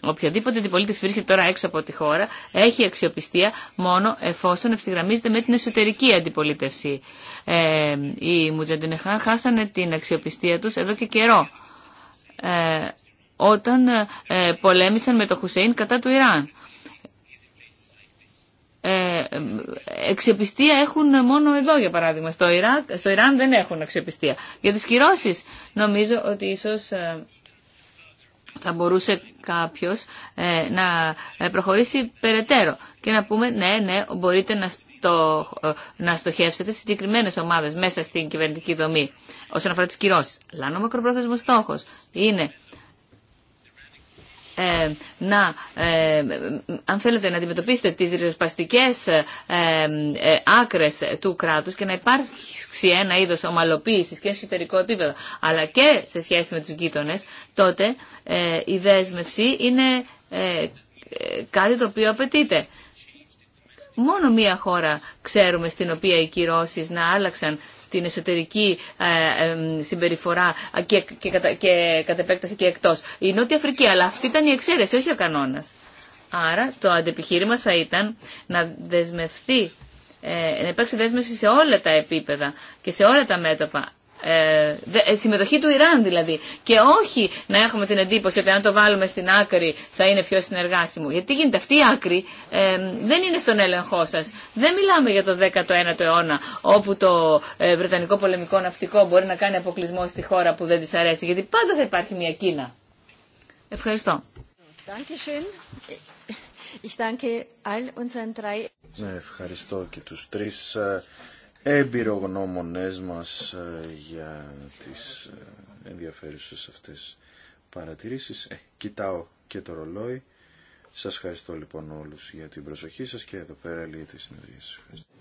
οποιοδήποτε αντιπολίτευση βρίσκεται τώρα έξω από τη χώρα έχει αξιοπιστία μόνο εφόσον ευθυγραμμίζεται με την εσωτερική αντιπολίτευση. Ε, οι Μουτζαντινεχάν χάσανε την αξιοπιστία του εδώ και καιρό. Ε, όταν ε, πολέμησαν με το Χουσέιν κατά του Ιράν. Ε, εξεπιστία έχουν μόνο εδώ, για παράδειγμα. Στο, Ιράκ, στο Ιράν δεν έχουν εξεπιστία. Για τις κυρώσεις νομίζω ότι ίσως ε, θα μπορούσε κάποιος ε, να προχωρήσει περαιτέρω και να πούμε ναι, ναι, μπορείτε να να στοχεύσετε συγκεκριμένε ομάδε μέσα στην κυβερνητική δομή όσον αφορά τι κυρώσει. Αλλά ο μακροπρόθεσμο στόχο είναι ε, να, ε, αν θέλετε, να αντιμετωπίσετε τις ριζοσπαστικές ε, άκρες του κράτους και να υπάρξει ένα είδος ομαλοποίησης και εσωτερικό επίπεδο, αλλά και σε σχέση με τους γείτονε, τότε η δέσμευση είναι κάτι το οποίο απαιτείται. Μόνο μία χώρα ξέρουμε στην οποία οι κυρώσεις να άλλαξαν την εσωτερική ε, συμπεριφορά και, και, και κατ' επέκταση και εκτός. Η Νότια Αφρική, αλλά αυτή ήταν η εξαίρεση, όχι ο κανόνας. Άρα το αντεπιχείρημα θα ήταν να δεσμευτεί, ε, να υπάρξει δέσμευση σε όλα τα επίπεδα και σε όλα τα μέτωπα ε, ε, συμμετοχή του Ιράν δηλαδή και όχι να έχουμε την εντύπωση ότι αν το βάλουμε στην άκρη θα είναι πιο συνεργάσιμο γιατί γίνεται αυτή η άκρη ε, δεν είναι στον έλεγχό σας δεν μιλάμε για το 19ο αιώνα όπου το Βρετανικό πολεμικό ναυτικό μπορεί να κάνει αποκλεισμό στη χώρα που δεν της αρέσει γιατί πάντα θα υπάρχει μια Κίνα Ευχαριστώ ναι, Ευχαριστώ και τους τρεις εμπειρογνώμονές μας ε, για τις ε, ενδιαφέρουσες αυτές παρατηρήσεις. Ε, κοιτάω και το ρολόι. Σας ευχαριστώ λοιπόν όλους για την προσοχή σας και εδώ πέρα λύεται η συνεδρίαση.